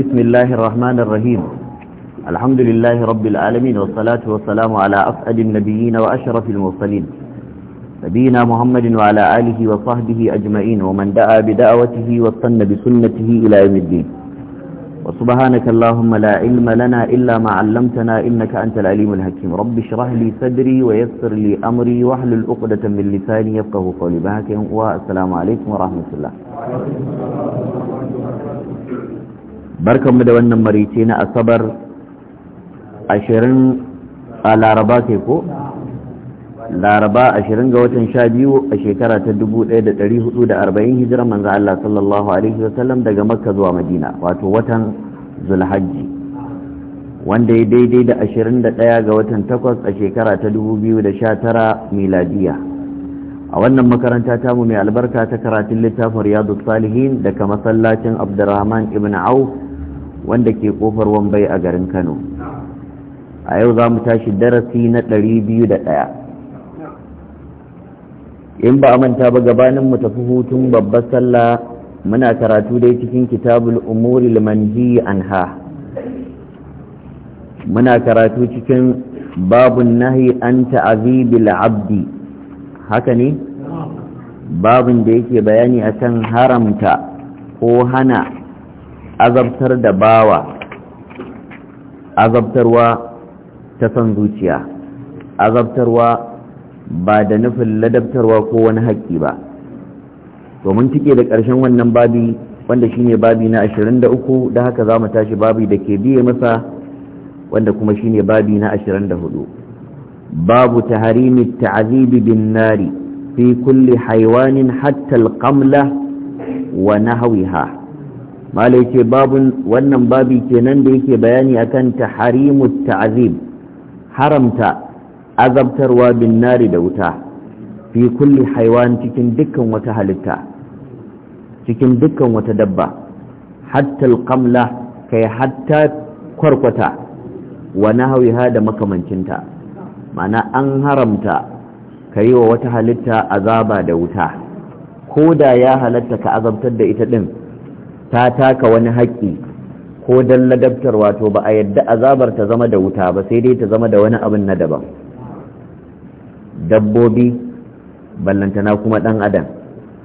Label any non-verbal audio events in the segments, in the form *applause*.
بسم الله الرحمن الرحيم الحمد لله رب العالمين والصلاة والسلام على أسعد النبيين وأشرف المرسلين نبينا محمد وعلى آله وصحبه أجمعين ومن دعا بدعوته واستنى بسنته إلى يوم الدين وسبحانك اللهم لا علم لنا إلا ما علمتنا إنك أنت العليم الحكيم رب اشرح لي صدري ويسر لي أمري واحلل عقدة من لساني يفقه قولي بهك والسلام عليكم ورحمة الله barkanmu da wannan marice na asabar 20 a laraba ke ko laraba ashirin ga watan sha biyu a shekara ta dubu ɗaya da ɗari hudu da arba'in hijirar manzo Allah sallallahu alaihi wasallam daga makka zuwa madina wato watan zulhajji wanda ya daidai da ashirin da ɗaya ga watan takwas a shekara ta dubu biyu da sha tara miladiya a wannan makaranta tamu mai albarka ta karatun littafin riyadu salihin daga masallacin abdurrahman ibn auf wanda ke kofar wambai a garin kano a yau za mu tashi darasi na ɗari biyu da ɗaya. in ba a manta ba gabanin mu tafi hutun babbar sallah muna karatu dai cikin kitabul umuri limanji anha muna karatu cikin babun nahi an ta'azibil abdi haka ne babun da yake bayani akan haramta ko hana azabtar da bawa azabtarwa ta san zuciya azabtarwa ba da nufin ladabtarwa ko wani haƙƙi ba domin tike da ƙarshen wannan babi wanda shine babi na 23 da haka za mu tashi babi da ke biye masa wanda kuma shine babi na 24 babu taharimi ta'azibi bin nari fi kulli haiwanin hatta alqamla wa nahwiha malai ce babun wannan babi kenan da yake bayani akan taharimu ta'zib haramta azabtarwa bin nari da wuta fi kulli haiwan cikin dukkan wata halitta cikin dukkan wata dabba hatta alqamla kai hatta kwarkwata wa nahwiha da makamancinta Mana an haramta yi wa wata halitta azaba da wuta ko da ya halatta ka azabtar da ita din ta taka wani haƙƙi ko don ladabtar wato ba a yadda azabar ta zama da wuta ba sai dai ta zama da wani abin na daban dabbobi ballantana kuma ɗan adam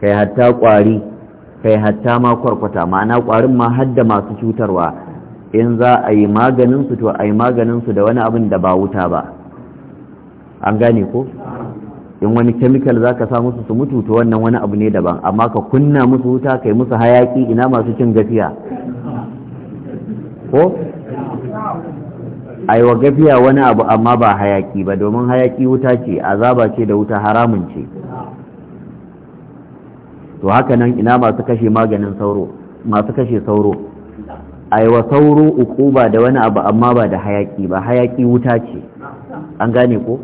kai hatta ƙwari kai hatta ma kwarkwata ma'ana ƙwarin ma hadda masu cutarwa in za a yi maganinsu to a yi maganinsu da wani abin da ba wuta ba an gane ko? in wani kemikal za ka sa musu su mutu to wannan wani abu ne daban amma ka kunna musu wuta kai musu hayaki ina masu cin gafiya ko wa gafiya wani abu amma ba hayaki ba domin hayaki wuta ce azaba ce da wuta haramun ce to haka nan ina masu kashe maganin sauro masu kashe sauro wa sauro ukuba da wani abu amma ba da hayaki ba hayaki wuta ce an gane ko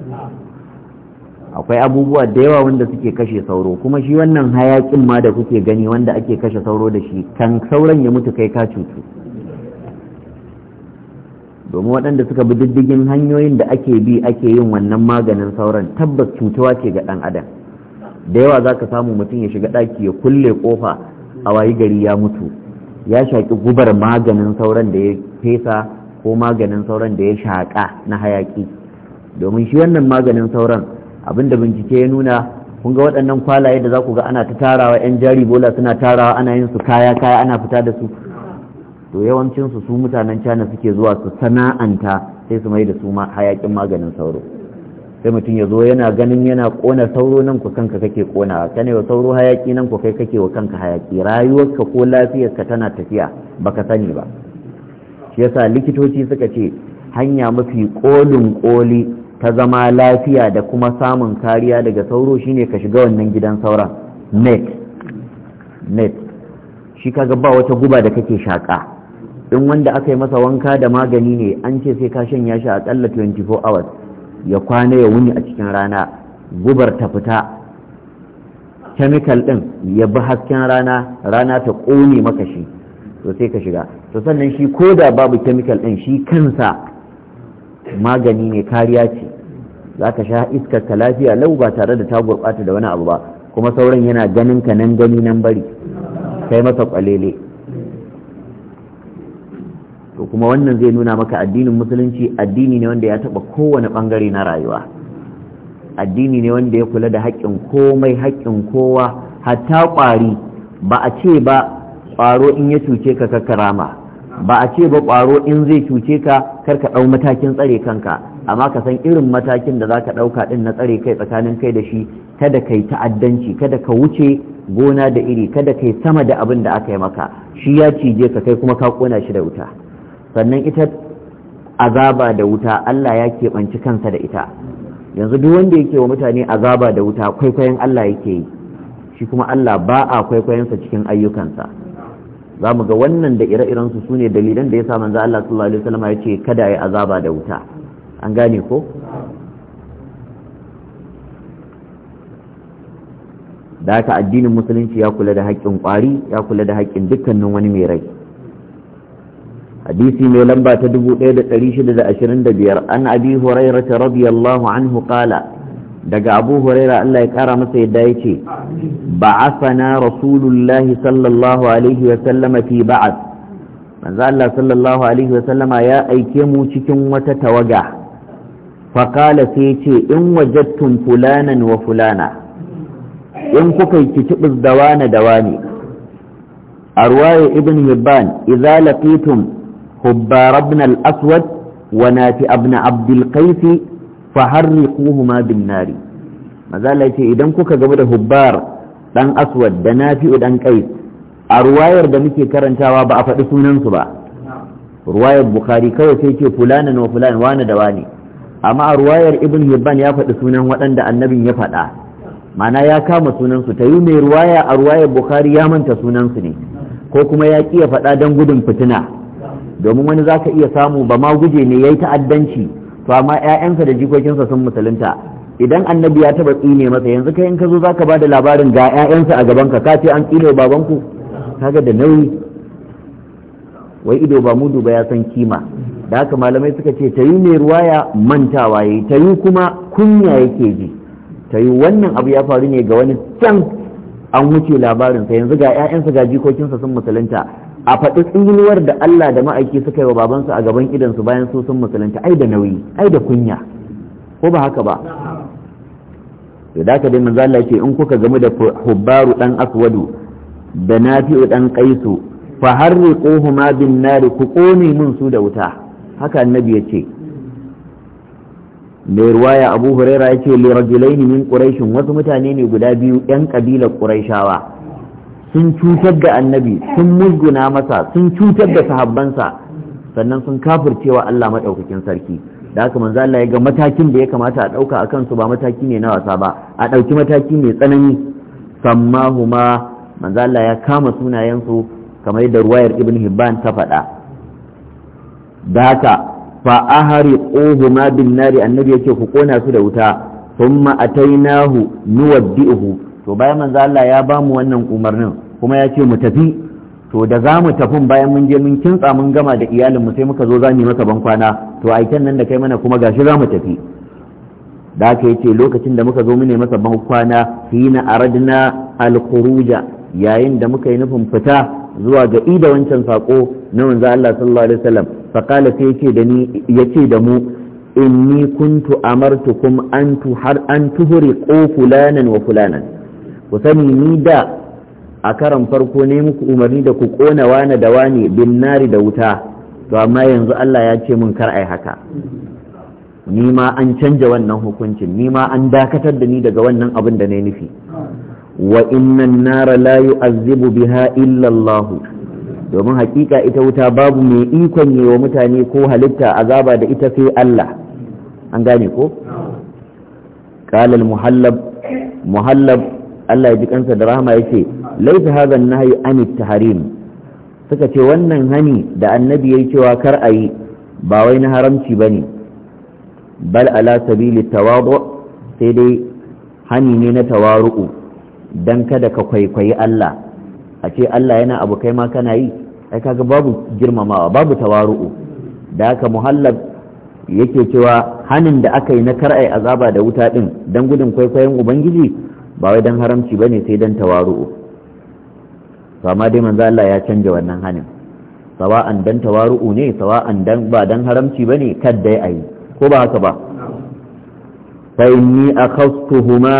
akwai abubuwa da yawa wanda suke kashe sauro kuma shi wannan hayakin ma da kuke gani wanda ake kashe sauro da shi kan sauran ya mutu kai ka cutu domin waɗanda suka bi diddigin hanyoyin da ake bi ake yin wannan maganin sauran tabbas cutuwa ce ga ɗan adam da yawa za ka samu mutum ya shiga ɗaki ya kulle ƙofa a wayi gari ya mutu ya shaƙi gubar maganin sauran da ya fesa ko maganin sauran da ya shaƙa na hayaƙi domin shi wannan maganin sauran abinda bincike ya nuna kun ga waɗannan kwalaye da za ku ga ana ta tarawa 'yan jari bola suna tarawa ana yin su kaya kaya ana fita da su to yawancin su su mutanen cana suke zuwa su sana'anta sai su mai da su ma hayakin maganin sauro sai mutum ya zo yana ganin yana kona sauro nan ku kanka kake kona ka ne wa sauro hayaki nan ku kai kake wa kanka hayaki rayuwarka ko lafiyarka tana tafiya baka sani ba shi yasa likitoci suka ce hanya mafi kolin koli ta zama lafiya da kuma samun kariya daga sauro shine ka shiga wannan gidan sauran net net shi kaga ba wata guba da kake shaka in wanda aka yi masa wanka da magani ne an ce sai ka shanya shi kalla 24 hours ya kwana ya wuni a cikin rana gubar ta fita chemical din ya bi hasken rana rana ta ƙone maka shi to sai ka shiga to sannan shi ko da babu chemical din shi kansa magani ne kariya ce za ka sha iskar ka lafiya lau ba tare da ta gurɓata da wani abu ba kuma sauran yana ganin ka nan gani nan bari kai masa kwalele to kuma wannan zai nuna maka addinin musulunci addini ne wanda ya taɓa kowane ɓangare na rayuwa addini ne wanda ya kula da haƙƙin komai haƙƙin kowa hatta ƙwari ba a ce ba ƙwaro in ya cuce ka kakarama ba a ce ba ƙwaro in zai cuce ka kar ka ɗau matakin tsare kanka amma ka san irin matakin da za ka ɗauka ɗin na tsare kai tsakanin kai da shi kada ka ta'addanci kada ka wuce gona da iri kada kai sama da abin da aka yi maka shi ya cije ka kai kuma ka ƙona shi da wuta sannan ita azaba da wuta Allah ya keɓanci kansa da ita yanzu duk wanda yake wa mutane azaba da wuta kwaikwayon Allah yake yi shi kuma Allah ba a sa cikin ayyukansa za mu ga wannan da ire-iren su sune dalilan da ya sa manzo Allah sallallahu alaihi wasallam ya ce kada ya azaba da wuta an gane ko da ta addinin musulunci ya kula da haƙƙin ƙwari ya kula da haƙƙin dukkanin wani mai rai hadisi mai lamba ta 1625 an abi hurairah radiyallahu anhu qala daga abu huraira Allah ya kara masa yadda ya ce sana rasulullahi sallallahu alaihi wa sallama fi ba'as manzo Allah sallallahu alaihi wa sallama ya aike mu cikin wata tawaga fa sai ce in wajadtum fulanan wa fulana in kuka yi kicibis da wane da a ruwaye ibn hibban idza laqitum hubbar ibn al-aswad wa nati ibn qais kuma bin nari mazala ce, idan kuka gaba da hubbar dan aswad da nafi'u dan kai, a ruwayar da muke karantawa ba a faɗi sunansu ba ruwayar bukhari kawai sai ke fulana wa fulan wane da wani amma a ruwayar ibn hibban ya faɗi sunan waɗanda annabin ya faɗa mana ya kama sunansu ta yi mai ruwaya a ruwayar bukhari ya manta sunansu ne ko kuma ya ƙi ya faɗa don gudun fitina domin wani za ka iya samu ba ma guje ne yayi ta'addanci to amma ƴaƴansa da jikokinsa sun musulunta idan annabi ya taba tsine masa yanzu kai in ka zo zaka bada labarin ga ƴaƴansa a gabanka ka ce an tsine babanku kaga da nauyi wai ido ba mudu ba ya san kima da haka malamai suka ce tayi mai ruwaya mantawa yayi tayi kuma kunya yake ji tayi wannan abu ya faru ne ga wani can an wuce labarinsa yanzu ga 'ya'yansa ga jikokinsa sun musulunta a faɗi tsinuwar da Allah da ma'aiki suka yi wa babansu a gaban idansu bayan su sun musulunta ai da nauyi ai da kunya ko ba haka ba to da ka dai manzo ce in kuka gamu da hubbaru dan aswadu da nafi'u dan qaisu fa harriquhuma bin nar ku kone mun su da wuta haka annabi ya ce mai ruwaya abu huraira ya ce li rajulaini min quraishin wasu mutane ne guda biyu yan kabilar quraishawa sun cutar da annabi sun musguna masa sun cutar da sahabbansa sannan sun kafircewa Allah maɗaukakin sarki da haka manzo Allah ya ga matakin da ya kamata a ɗauka a kansu ba mataki ne na wasa ba a ɗauki mataki mai tsanani sammahuma manzo Allah ya kama sunayensu kamar da ruwayar ibn Hibban ta faɗa da haka fa ahari ma bin nari annabi yake ku kona su da wuta thumma atainahu nuwaddihu to bayan manzo Allah ya ba mu wannan umarnin kuma ya ce mu tafi to da za mu tafin bayan mun je mun kintsa mun gama da iyalin mu sai muka zo za mu yi maka ban to aiken nan da kai mana kuma gashi za mu tafi da aka yi lokacin da muka zo mu ne masa ban kwana hina aradna alkhuruja yayin da muka yi nufin fita zuwa ga ida wancan sako na manzo Allah sallallahu alaihi wasallam fa sai yace da ni yace da mu inni kuntu amartukum an tuhar an ko fulanan wa fulanan ku sani ni da a karan farko ne muku umarni da ku kona wane da wane bin nari da wuta to amma yanzu Allah ya ce mun kar ai haka ni ma an canja wannan hukuncin ni ma an dakatar da ni daga wannan abin da na nufi wa innan nara la yu'azzibu biha illa Allah domin hakika ita wuta babu mai ikon yi wa mutane ko halitta azaba da ita sai Allah an gane ko qala al muhallab muhallab Allah ya ji kansa da rahama ya laisa hadha an-nahyu an tahrim suka ce wannan hani da annabi yayi cewa kar a yi, ba wai na haramci bane bal ala sabili tawadu sai dai hani ne na tawaru'u dan kada ka kwaikwayi Allah a ce Allah yana abu kai ma kana yi ai kaga babu girmamawa babu tawaru'u da haka muhallab yake cewa hanin da aka yi na kar'ai azaba da wuta din dan gudun kwaikwayon ubangiji ba wai don haramci ba ne sai don tawaru'u Sama dai manzo Allah ya canja wannan hanin sawa'an dan tawaru'u ne sawa'an don ba dan haramci ba ne kadda ya yi ko ba haka ba fa inni akhastuhuma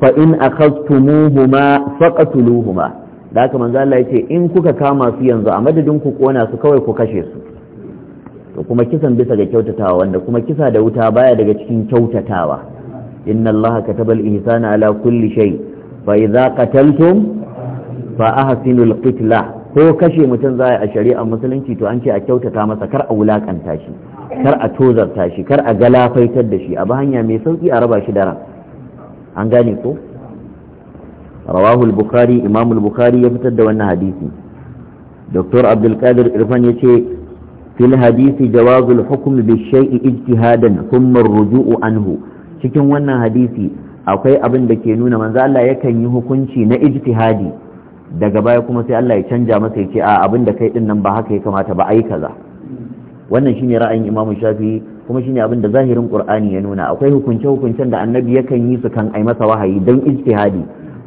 fa in akhastumuhuma huma da aka manzo Allah ce in kuka kama su yanzu a madadin ku kona su kawai ku kashe su to kuma kisan bisa ga kyautatawa wanda kuma kisa da wuta baya daga cikin kyautatawa inna allaha katabal ihsana ala kulli shay fa idza qataltum fa ahsinul qitla ko kashe mutum za a yi a musulunci to an ce a kyautata masa kar a wulakanta shi kar a tozarta shi kar a galafaitar da shi a ba hanya mai sauki a raba shi da ran an gane ko rawahu bukhari Imamul bukhari ya fitar da wannan hadisi dr abdulkadir irfan ya ce fil hadisi jawazul hukm bi shay'i ijtihadan thumma ar-ruju'u anhu cikin wannan hadisi akwai abin da ke nuna manzo Allah yakan yi hukunci na ijtihadi daga baya kuma sai Allah ya canja masa ya ce a abin da kai din nan ba haka ya kamata ba ai kaza wannan shine ra'ayin Imam Shafi'i kuma shine abin da zahirin Qur'ani ya nuna akwai hukunce hukuncen da annabi yakan yi su kan ai masa wahayi dan ijtihadi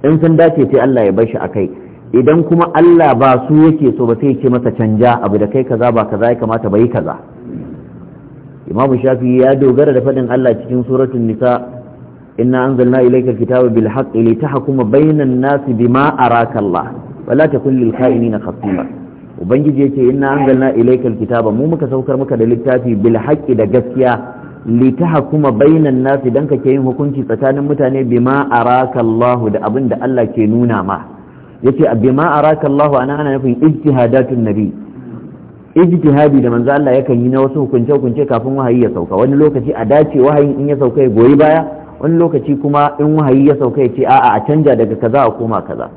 in sun dace sai Allah ya bashi shi akai idan kuma Allah ba su yake so ba sai ya ce masa canja abu da kai kaza ba kaza ya kamata ba yi kaza imamu shafi ya dogara da faɗin Allah cikin suratun nisa inna anzalna ilayka kitaba bil haqqi litahkuma bainan nasi bima araka Allah wala takun lil kha'inina khasima ubangiji yace inna anzalna ilayka kitaba mu muka saukar maka da littafi bil haqqi da gaskiya litahkuma bainan nasi dan kake yin hukunci tsakanin mutane bima araka Allah da abin da Allah ke nuna ma yace bima araka Allah ana ana nufin ijtihadatun nabi ijtihadi da manzo Allah yakan yi na wasu hukunce hukunce kafin wahayi ya sauka wani lokaci a dace wahayin in ya sauka ya goyi baya wani lokaci kuma in wahayi ya sauka ya ce a'a a canja daga kaza a koma kaza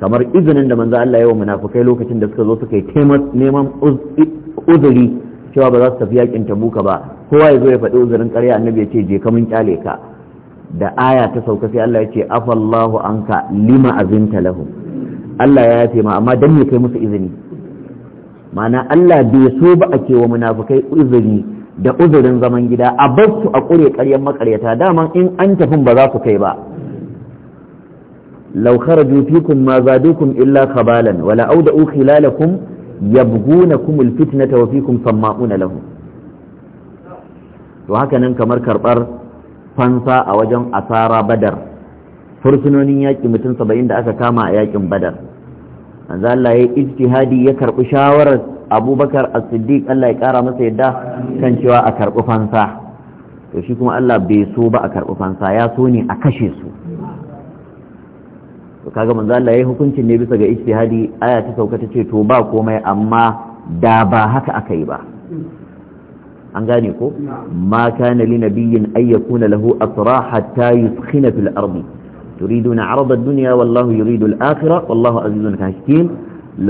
kamar izinin da manzo Allah ya wa munafikai lokacin da suka zo suka yi neman uzuri cewa ba za su tafi yakin tabuka ba kowa ya zo ya faɗi uzurin ƙarya annabi ya ce je ka mun kyale ka da aya ta sauka sai Allah ya ce afallahu anka lima azinta lahum Allah ya yafe ma amma dan me kai musu izini mana Allah bai so ba a wa munafukai uzuri da uzurin zaman gida a bar su a kure ƙaryan makaryata daman in an tafin ba za su kai ba law kharaju fikum ma zadukum illa kabalan wala awda'u khilalakum yabghunakum alfitnata wa fikum samma'una lahu. to haka nan kamar karbar fansa a wajen asara badar fursunonin yaƙi mutum saba'in da aka kama a yaƙin badar manzo Allah ya ijtihadi ya karbi shawarar Abubakar As-Siddiq Allah ya kara masa yadda kan cewa a karbi fansa to shi kuma Allah bai so ba a karbi fansa ya so ne a kashe su to kaga manzo Allah ya hukuncin ne bisa ga ijtihadi aya ta sauka ta ce to ba komai amma da ba haka aka yi ba an gane ko ma kana li nabiyyin ay yakuna lahu asra hatta yuskhina fil ardi تريدون عرض الدنيا والله يريد الآخرة والله عزيز حكيم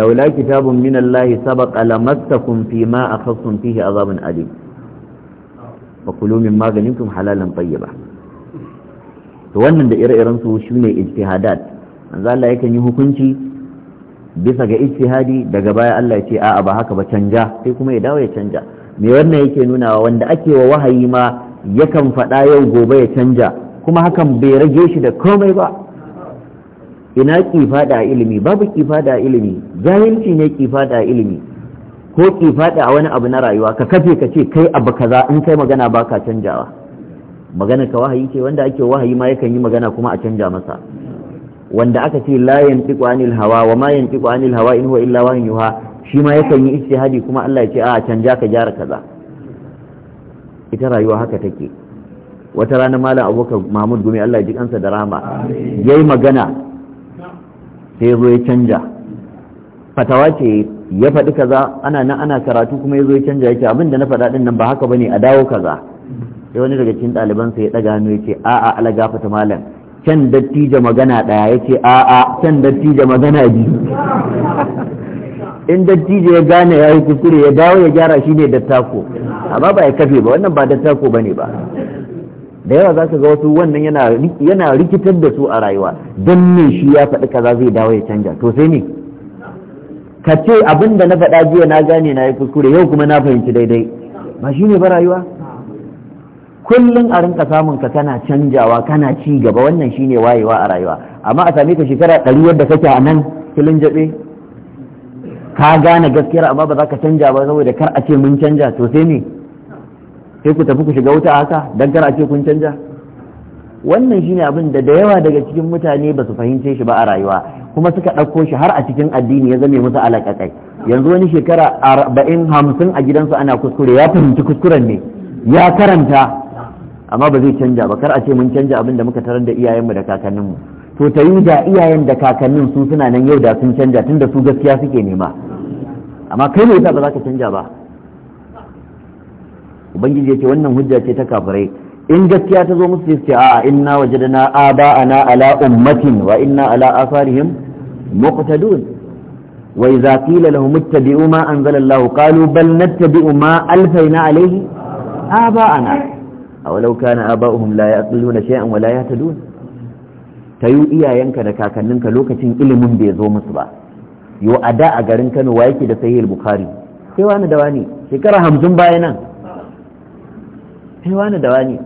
لولا كتاب من الله سبق لمستكم فيما أخذتم فيه عذاب أليم فكلوا مما غنمتم حلالا طيبا wannan da ire-iren su shi ne ijtihadat Allah yakan yi hukunci bisa ga ijtihadi daga baya Allah ya ce a'a ba haka ba canja sai kuma ya dawo ya canja me wannan yake nunawa wanda ake wa wahayi ma yakan faɗa yau gobe ya canja kuma hakan bai rage shi da komai ba ina kifada a ilimi babu kifada a ilimi jahilci ne kifada a ilimi ko kifada a wani abu na rayuwa ka kafe ka ce kai abu kaza in kai magana ba ka canjawa magana ka wahayi ce wanda ake wahayi ma yakan yi magana kuma a canja masa wanda aka ce la yantiqu anil hawa wa ma yantiqu anil hawa in huwa illa wahyun yuha shi ma yakan yi ijtihadi kuma Allah ya ce a canja ka gyara kaza ita rayuwa haka take wata rana malam abokan mahmud gumi allah ji kansa da rama ya yi magana sai zo ya canja fatawa ce ya faɗi kaza ana nan ana karatu kuma ya zo ya canja yake abinda na faɗa ɗin nan ba haka bane a dawo kaza sai wani daga cikin ɗalibansa ya ɗaga hannu ya ce a'a ala gafata malam can dattija magana ɗaya ya ce a'a can dattija magana biyu in dattijo ya gane ya yi kuskure ya dawo ya gyara shi ne dattako amma ba ya kafe ba wannan ba dattako ba ne ba da yawa za ka ga wasu wannan yana rikitar da su a rayuwa don me shi ya faɗi kaza zai dawo ya canja to sai ne ka ce abin da na faɗa jiya na gane na yi kuskure yau kuma na fahimci daidai ba shi ne ba rayuwa kullum a rinka samun ka kana canjawa kana ci gaba wannan shine wayewa a rayuwa amma a same ka shekara ɗari yadda kake a nan filin jaɓe ka gane gaskiya amma ba za ka canja ba saboda kar a ce mun canja to sai ne sai ku tafi ku shiga wuta haka Don kar a ce kun canja wannan shine abin da da yawa daga cikin mutane ba su fahimce shi ba a rayuwa kuma suka ɗauko shi har a cikin addini ya zame musu alaƙaƙai yanzu wani shekara arba'in hamsin a gidansu ana kuskure ya fahimci kuskuren ne ya karanta amma ba zai canja ba kar a ce mun canja abin da muka tarar da iyayenmu da kakanninmu to ta yi da iyayen da kakannin su suna nan yau da sun canja tunda su gaskiya suke nema amma kai ne yasa ba za ka canja ba ubangiji yace wannan hujja ce ta kafirai in gaskiya ta zo musu sai ce a'a inna wajadna aba'ana ala ummatin wa inna ala asarihim muqtadun wa idza qila lahum ittabi'u ma anzala Allah qalu bal nattabi'u ma alfayna alayhi aba'ana awalau kana aba'uhum la yaqiluna shay'an wa la yahtadun tayu iyayenka da kakanninka lokacin ilimin bai zo musu ba yo a da a garin Kano wa yake da sahih bukhari sai wani da wani shekara 50 bayan nan sai wani da wani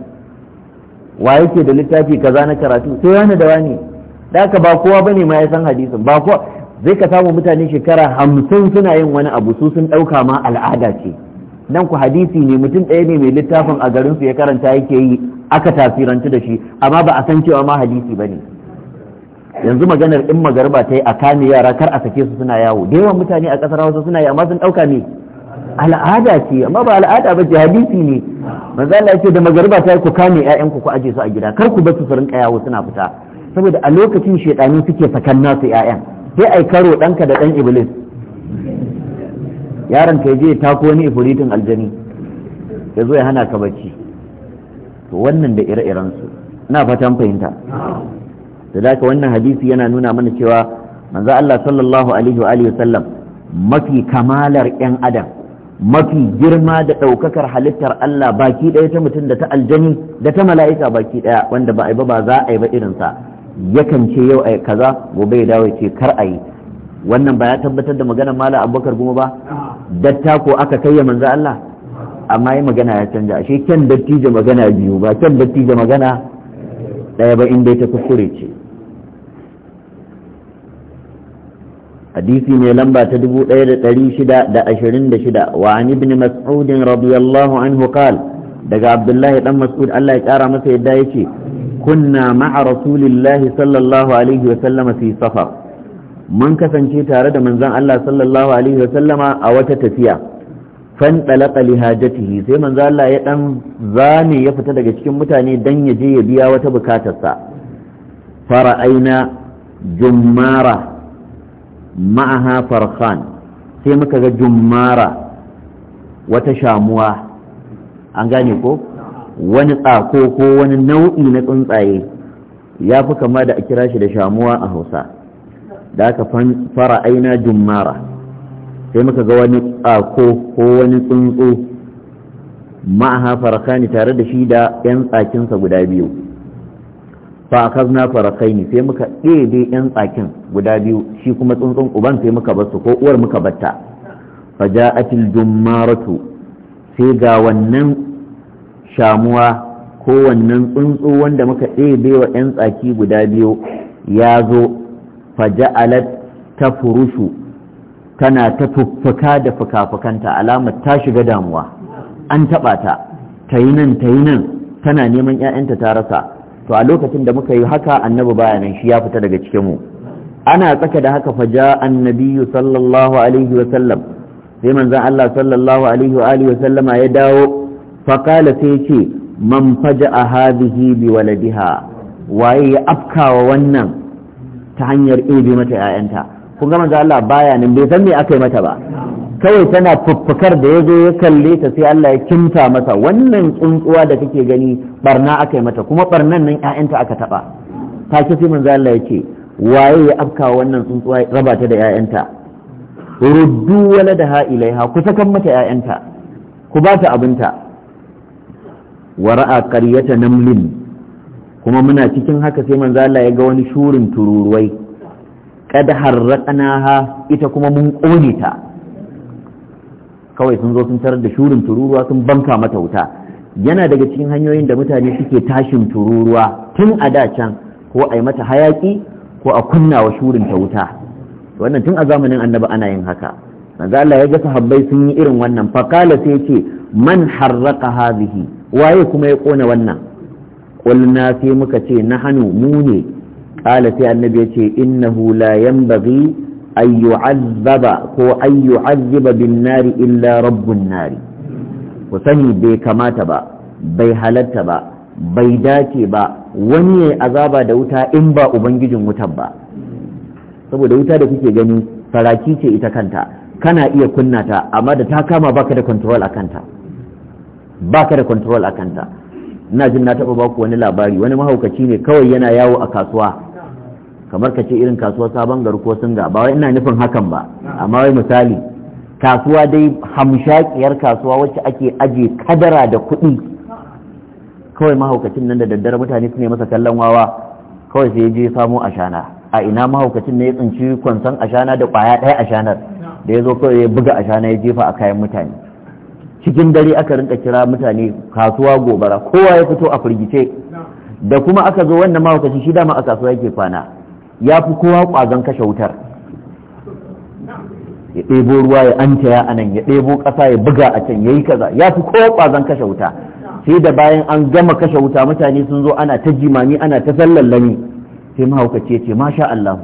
wa yake da littafi kaza na karatu sai wani da wani da ka ba kowa bane ma ya san hadisin ba kowa zai ka samu mutane shekara hamsin suna yin wani abu su sun ɗauka ma al'ada ce nan ku hadisi ne mutum ɗaya ne mai littafin a garinsu ya karanta yake yi aka tasirantu da shi amma ba a san cewa ma hadisi ba ne yanzu maganar in magarba ta yi a kame yara kar a sake su suna yawo da yawan mutane a ƙasar hausa suna yi amma sun ɗauka ne al'ada ce amma ba al'ada ba ce hadisi ne manzo Allah ce da magariba ta ku kame ƴaƴan ku ku aje su a gida kar ku bar su su rinka yawo suna fita saboda a lokacin shedani suke sakan nasu ƴaƴan sai ai karo ɗanka da ɗan iblis yaron ka je ta ko wani ifritin aljani ya zo ya hana ka bacci to wannan da ire-iren su ina fatan fahimta da haka wannan hadisi yana nuna mana cewa manzo Allah sallallahu alaihi wa alihi wasallam mafi kamalar ƴan adam mafi girma da ɗaukakar halittar Allah baki ɗaya ta mutum da ta aljani da ta mala'ika baki ɗaya wanda ba a yi ba ba za a yi ba irinsa yakan ce yau a yi kaza gobe ya dawo ce kar a yi wannan ba ya tabbatar da maganar mala abubakar guma ba datta ko aka kai ya manzo Allah amma yi magana ya canja ashe kyan dattijo magana biyu ba kyan dattijo magana ɗaya ba in dai ta kuskure ce hadisi mai lamba ta dubu da da shida 1626 wa an ibn mas'ud radiyallahu anhu qal daga abdullahi dan mas'ud Allah ya kara masa yadda yace kunna ma'a rasulillahi sallallahu alaihi wa sallama fi safar mun kasance tare da manzon Allah sallallahu alaihi wa sallama a wata tafiya fan talaqa li hajatihi sai manzon Allah ya dan zane ya fita daga cikin mutane dan ya je ya biya wata bukatarsa fara'aina jummara ma'aha farkhan sai muka ga jummara wata shamuwa an gane ko wani tsako ko wani nau'i na tsuntsaye ya fi kama da a kira shi da shamuwa a hausa da aka fara aina jummara sai muka ga wani tsako ko wani tsuntsu ma'aha farkani tare da shi da 'yan tsakinsa guda biyu fa akazna ne sai muka ɗebe yan tsakin guda biyu shi kuma tsuntsun uban sai muka su ko uwar muka batta fa ja'atil jummaratu sai ga wannan shamuwa ko wannan tsuntsu wanda muka ɗebe wa yan tsaki guda biyu ya zo fa ja'alat furushu tana ta fuffuka da fuka-fukanta alamar ta shiga damuwa an taɓa ta ta yi nan ta yi nan tana neman 'ya'yanta ta rasa to a lokacin da muka yi haka annabi baya nan shi ya fita daga cikin mu ana tsaka da haka faja annabiyyu sallallahu alaihi wa sallam sai manzon Allah sallallahu alaihi wa alihi wa sallama ya dawo faqala sai ya ce man faja hadhihi bi waladiha waye ya afkawa wannan ta hanyar ibi mata 'ya'yanta kun ga manzon Allah baya nan bai san me aka yi mata ba kawai tana fuffukar da ya zo ya kalle ta sai Allah ya kimta mata wannan tsuntsuwa da kake gani barna aka yi mata kuma barnan nan ƴaƴanta aka taba. ta ce sai manzo Allah ya ce waye ya afka wannan tsuntsuwa ya raba ta da ƴaƴanta ruddu wala da ha ilaiha ku sakan mata ƴaƴanta ku ba ta abinta wa ra'a qaryata namlin kuma muna cikin haka sai manzo Allah ya ga wani shurin tururuwai kada harraqnaha ita kuma mun kone ta kawai sun zo sun tarar da shurin tururuwa sun banka mata wuta yana daga cikin hanyoyin da mutane suke tashin tururuwa tun a da can ko a yi mata hayaki ko a kunna wa shurin ta wuta wannan tun a zamanin annabi ana yin haka manzo Allah ya ga sahabbai sun yi irin wannan Fa Kala sai yace man harraqa hadhihi waye kuma ya kona wannan qulna sai muka ce nahanu mu ne qala sai annabi yace innahu la yanbaghi an yu'azzaba ko an yu'azziba bin nari illa rabbun nari ku sani bai kamata ba bai halatta ba bai dace ba wani yayi azaba da wuta in ba ubangijin wutan ba saboda wuta da kuke gani faraki ce ita kanta kana iya kunna ta amma da ta kama baka da control a kanta baka da control a kanta ina jin na taba baku wani labari wani mahaukaci ne kawai yana yawo a kasuwa kamar ka ce irin kasuwa sabon gari ko ga ba wai ina nufin hakan ba amma wai misali kasuwa dai hamshakiyar kasuwa wacce ake aje kadara da kuɗi kawai mahaukacin nan da daddare mutane su ne masa kallon wawa kawai sai je samo ashana a ina mahaukacin ne ya tsinci kwanson ashana da kwaya ɗaya ashanar da ya zo kawai ya buga ashana ya jefa a kayan mutane cikin dare aka rinka kira mutane kasuwa gobara kowa ya fito a firgice da kuma aka zo wannan mahaukaci shi dama a kasuwa yake kwana ya fi kowa ƙwazon kashe wutar ya ɗebo ruwa ya antaya a nan ya ɗebo ƙasa ya buga a can ya yi kaza ya fi kowa ƙwazon kashe wuta sai da bayan an gama kashe wuta mutane sun zo ana ta jimami ana ta sallallami sai mahaukaci ya ce masha Allah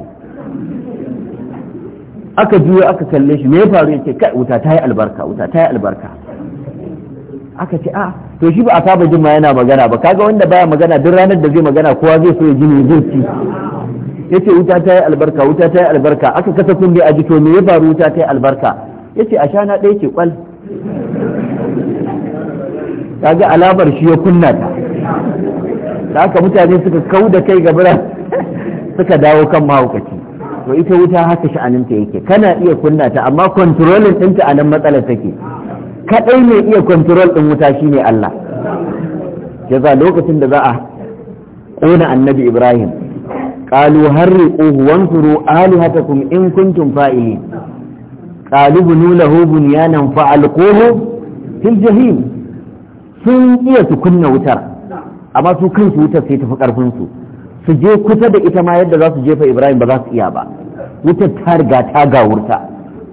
aka juya aka kalle shi me ya faru yace kai wuta ta yi albarka wuta ta yi albarka aka ce a ah, to shi ba a saba jin ma yana magana ba kaga wanda baya magana duk ranar da zai magana kowa zai so ya ji ne zai ci yace wuta ta yi albarka wuta ta yi albarka aka kasa kun a ji to me ya faru wuta ta yi albarka yace a sha na ɗaya ce kwal ga alamar shi ya kunna ta da aka mutane suka kau da kai gabara *laughs* suka dawo kan mahaukaci to ita wuta haka sha'aninta yake kana iya kunna ta amma kontrolin ɗinta a nan matsalar take kaɗai mai iya kontrol ɗin wuta shine Allah ya za lokacin da za a ƙona annabi Ibrahim قالوا هرقوه وانفروا آلهتكم إن كنتم فائلين قالوا بنوا له بنيانا فعلقوه في الجحيم sun iya su kunna wutar amma su kansu wutar sai tafi karfin su je kusa da ita ma yadda za su jefa ibrahim ba za su iya ba wutar ta riga ta gawurta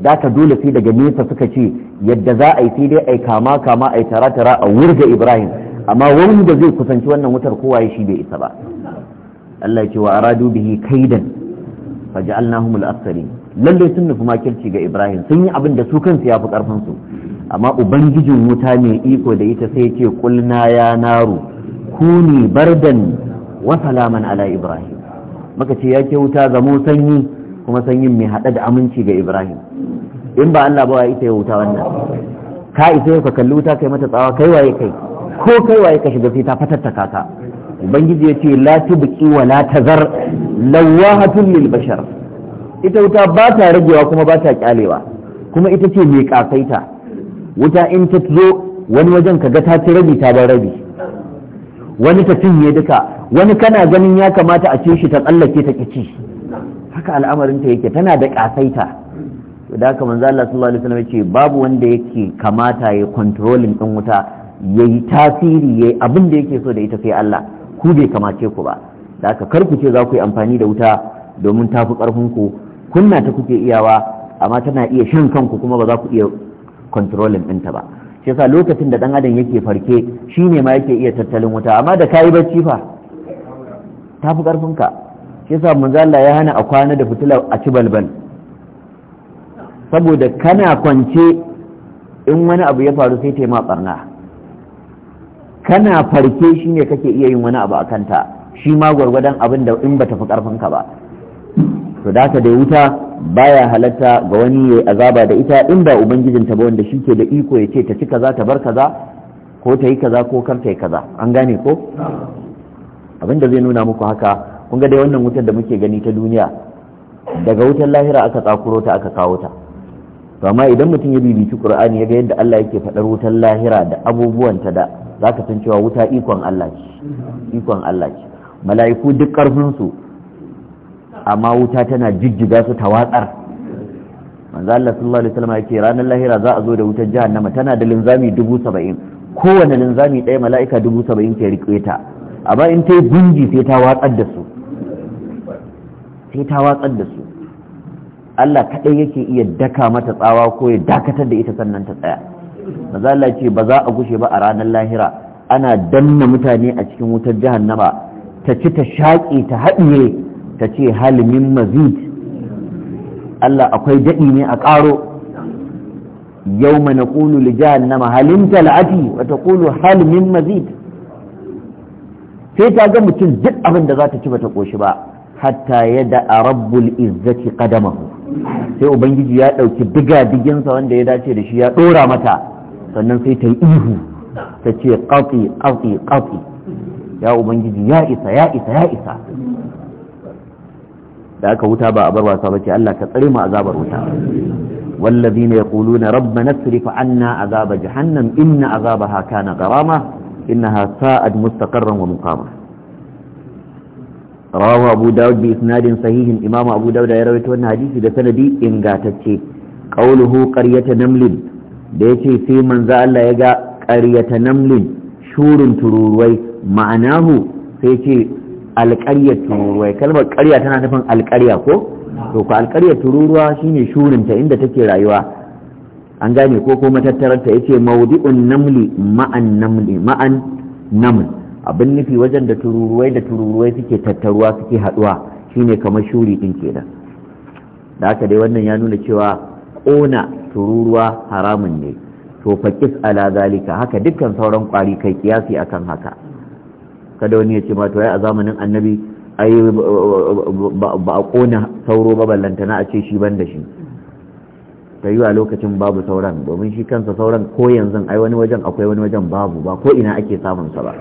da ka dole sai daga nesa suka ce yadda za a yi sai dai a kama kama a tara tara a wurga ibrahim amma wani da zai kusanci wannan wutar kowa ya shi bai isa ba Allah ya ce wa aradu bihi kaidan faj'alnahum al-aktharin lalle sun nufi makirci ga Ibrahim sun yi abin da su kansu ya fi karfin su amma ubangijin wuta mai iko da ita sai ce kulna ya naru kuni bardan wa salaman ala Ibrahim muka ce ya ke wuta zamo sanyi kuma sanyin mai hada da aminci ga Ibrahim in ba Allah ba ya ita ya wuta wannan ka isa ka kalli wuta kai mata tsawa kai waye kai ko kai waye ka shiga sai ta fatattaka ka ubangiji ya ce la tubqi wa la tazar lawahatun lil bashar ita wuta ba ta ragewa kuma ba ta kyalewa kuma ita ce mai kafaita wuta in ta zo wani wajen ga ta ci rabi ta bar rabi wani ta cinye duka wani kana ganin ya kamata a ce shi ta tsallake ta kici haka al'amarin ta yake tana da kafaita to da haka manzo Allah sallallahu alaihi wasallam ce babu wanda yake kamata ya controlling din wuta yayi tasiri yayi abin da yake so da ita sai Allah ku bai kamace ku ba da aka kar ce za ku yi amfani da wuta domin ta fi kunna ta kuke iyawa amma tana iya shan kanku kuma ba za ku iya controlling ɗinta ba shi yasa lokacin da ɗan adam yake farke shi ne ma yake iya tattalin wuta amma da kayi bacci fa ta fi ƙarfin ka shi yasa manzala ya hana a kwana da fitila a ci balbal saboda kana kwance in wani abu ya faru sai ta yi ma barna kana farke shi ne kake iya yin wani abu a kanta shi ma gwargwadon abin da in ba tafi karfinka ba to da ka da wuta baya halatta ga wani ya azaba da ita in ba ubangijin ta ba wanda shi ke da iko ya ce ta ci kaza ta bar kaza ko ta yi kaza ko kar ta yi kaza an gane ko abin da zai nuna muku haka kun ga dai wannan wutar da muke gani ta duniya daga wutar lahira aka tsakuro ta aka kawo ta to amma idan mutum ya bibici qur'ani ya ga yadda Allah yake faɗar wutar lahira da abubuwanta da zaka san cewa wuta ikon Allah ce ikon Allah ce mala'iku duk karfin su amma wuta tana jijjiga su tawatsar manzo Allah sallallahu alaihi wasallam yake ranar lahira za a zo da wutar jahannama tana da linzami dubu saba'in kowane linzami ɗaya mala'ika dubu saba'in ke riƙe ta amma in ta yi gunji sai ta watsar da su sai ta watsar da su Allah kaɗai yake iya daka mata tsawa ko ya dakatar da ita sannan ta tsaya maza Allah ce ba za a gushe ba a ranar lahira ana danna mutane a cikin wutar jahannama ta ci ta shaƙe ta haɗiye ta ce halimin mazid Allah akwai daɗi ne a ƙaro yau mana ƙulu li jahannama halin tal'ati wata ƙulu halimin mazid sai ta ga mutum duk abin da za ta ci bata ƙoshi ba hatta yadda a rabbul izzati qadamahu sai ubangiji ya ɗauki diga diginsa wanda ya dace da shi ya ɗora mata sannan sai ta yi ihu ta ce ƙafi ƙafi ƙafi ya ubangiji ya isa ya isa ya isa da aka wuta ba a bar wasa ba ce Allah ka tsare mu azabar wuta والذين يقولون na اصرف عنا عذاب جهنم إن عذابها كان غراما إنها ساءت مستقرا ومقاما rawahu abu daud bi isnadin sahihin imam abu daud ya rawaito wannan hadisi da sanadi ingatacce qauluhu qaryatan namlin da yace sai manzo Allah ya ga qaryatan namlin shurun tururuwai ma'anahu sai ce alƙaryar tururuwai kalmar ƙarya tana nufin alƙarya ko to ku alƙaryar tururuwa shine shurinta inda take rayuwa an gane ko ko ta yace mawdi'un namli ma'an namli ma'an namli abin nufi wajen da tururuwai da tururuwai suke tattaruwa suke haɗuwa, shine kamar shuri din kenan da haka dai wannan ya nuna cewa ƙona tururuwa haramun ne to faƙis ala zalika haka dukkan sauran ƙwari kai kiyasi akan haka kada wani ya ce ma to ai a zamanin annabi ai ba a ƙona sauro ba ballantana a ce shi ban da shi ta yi a lokacin babu sauran domin shi kansa sauran ko yanzu ai wani wajen akwai wani wajen babu ba ko ina ake samun sa ba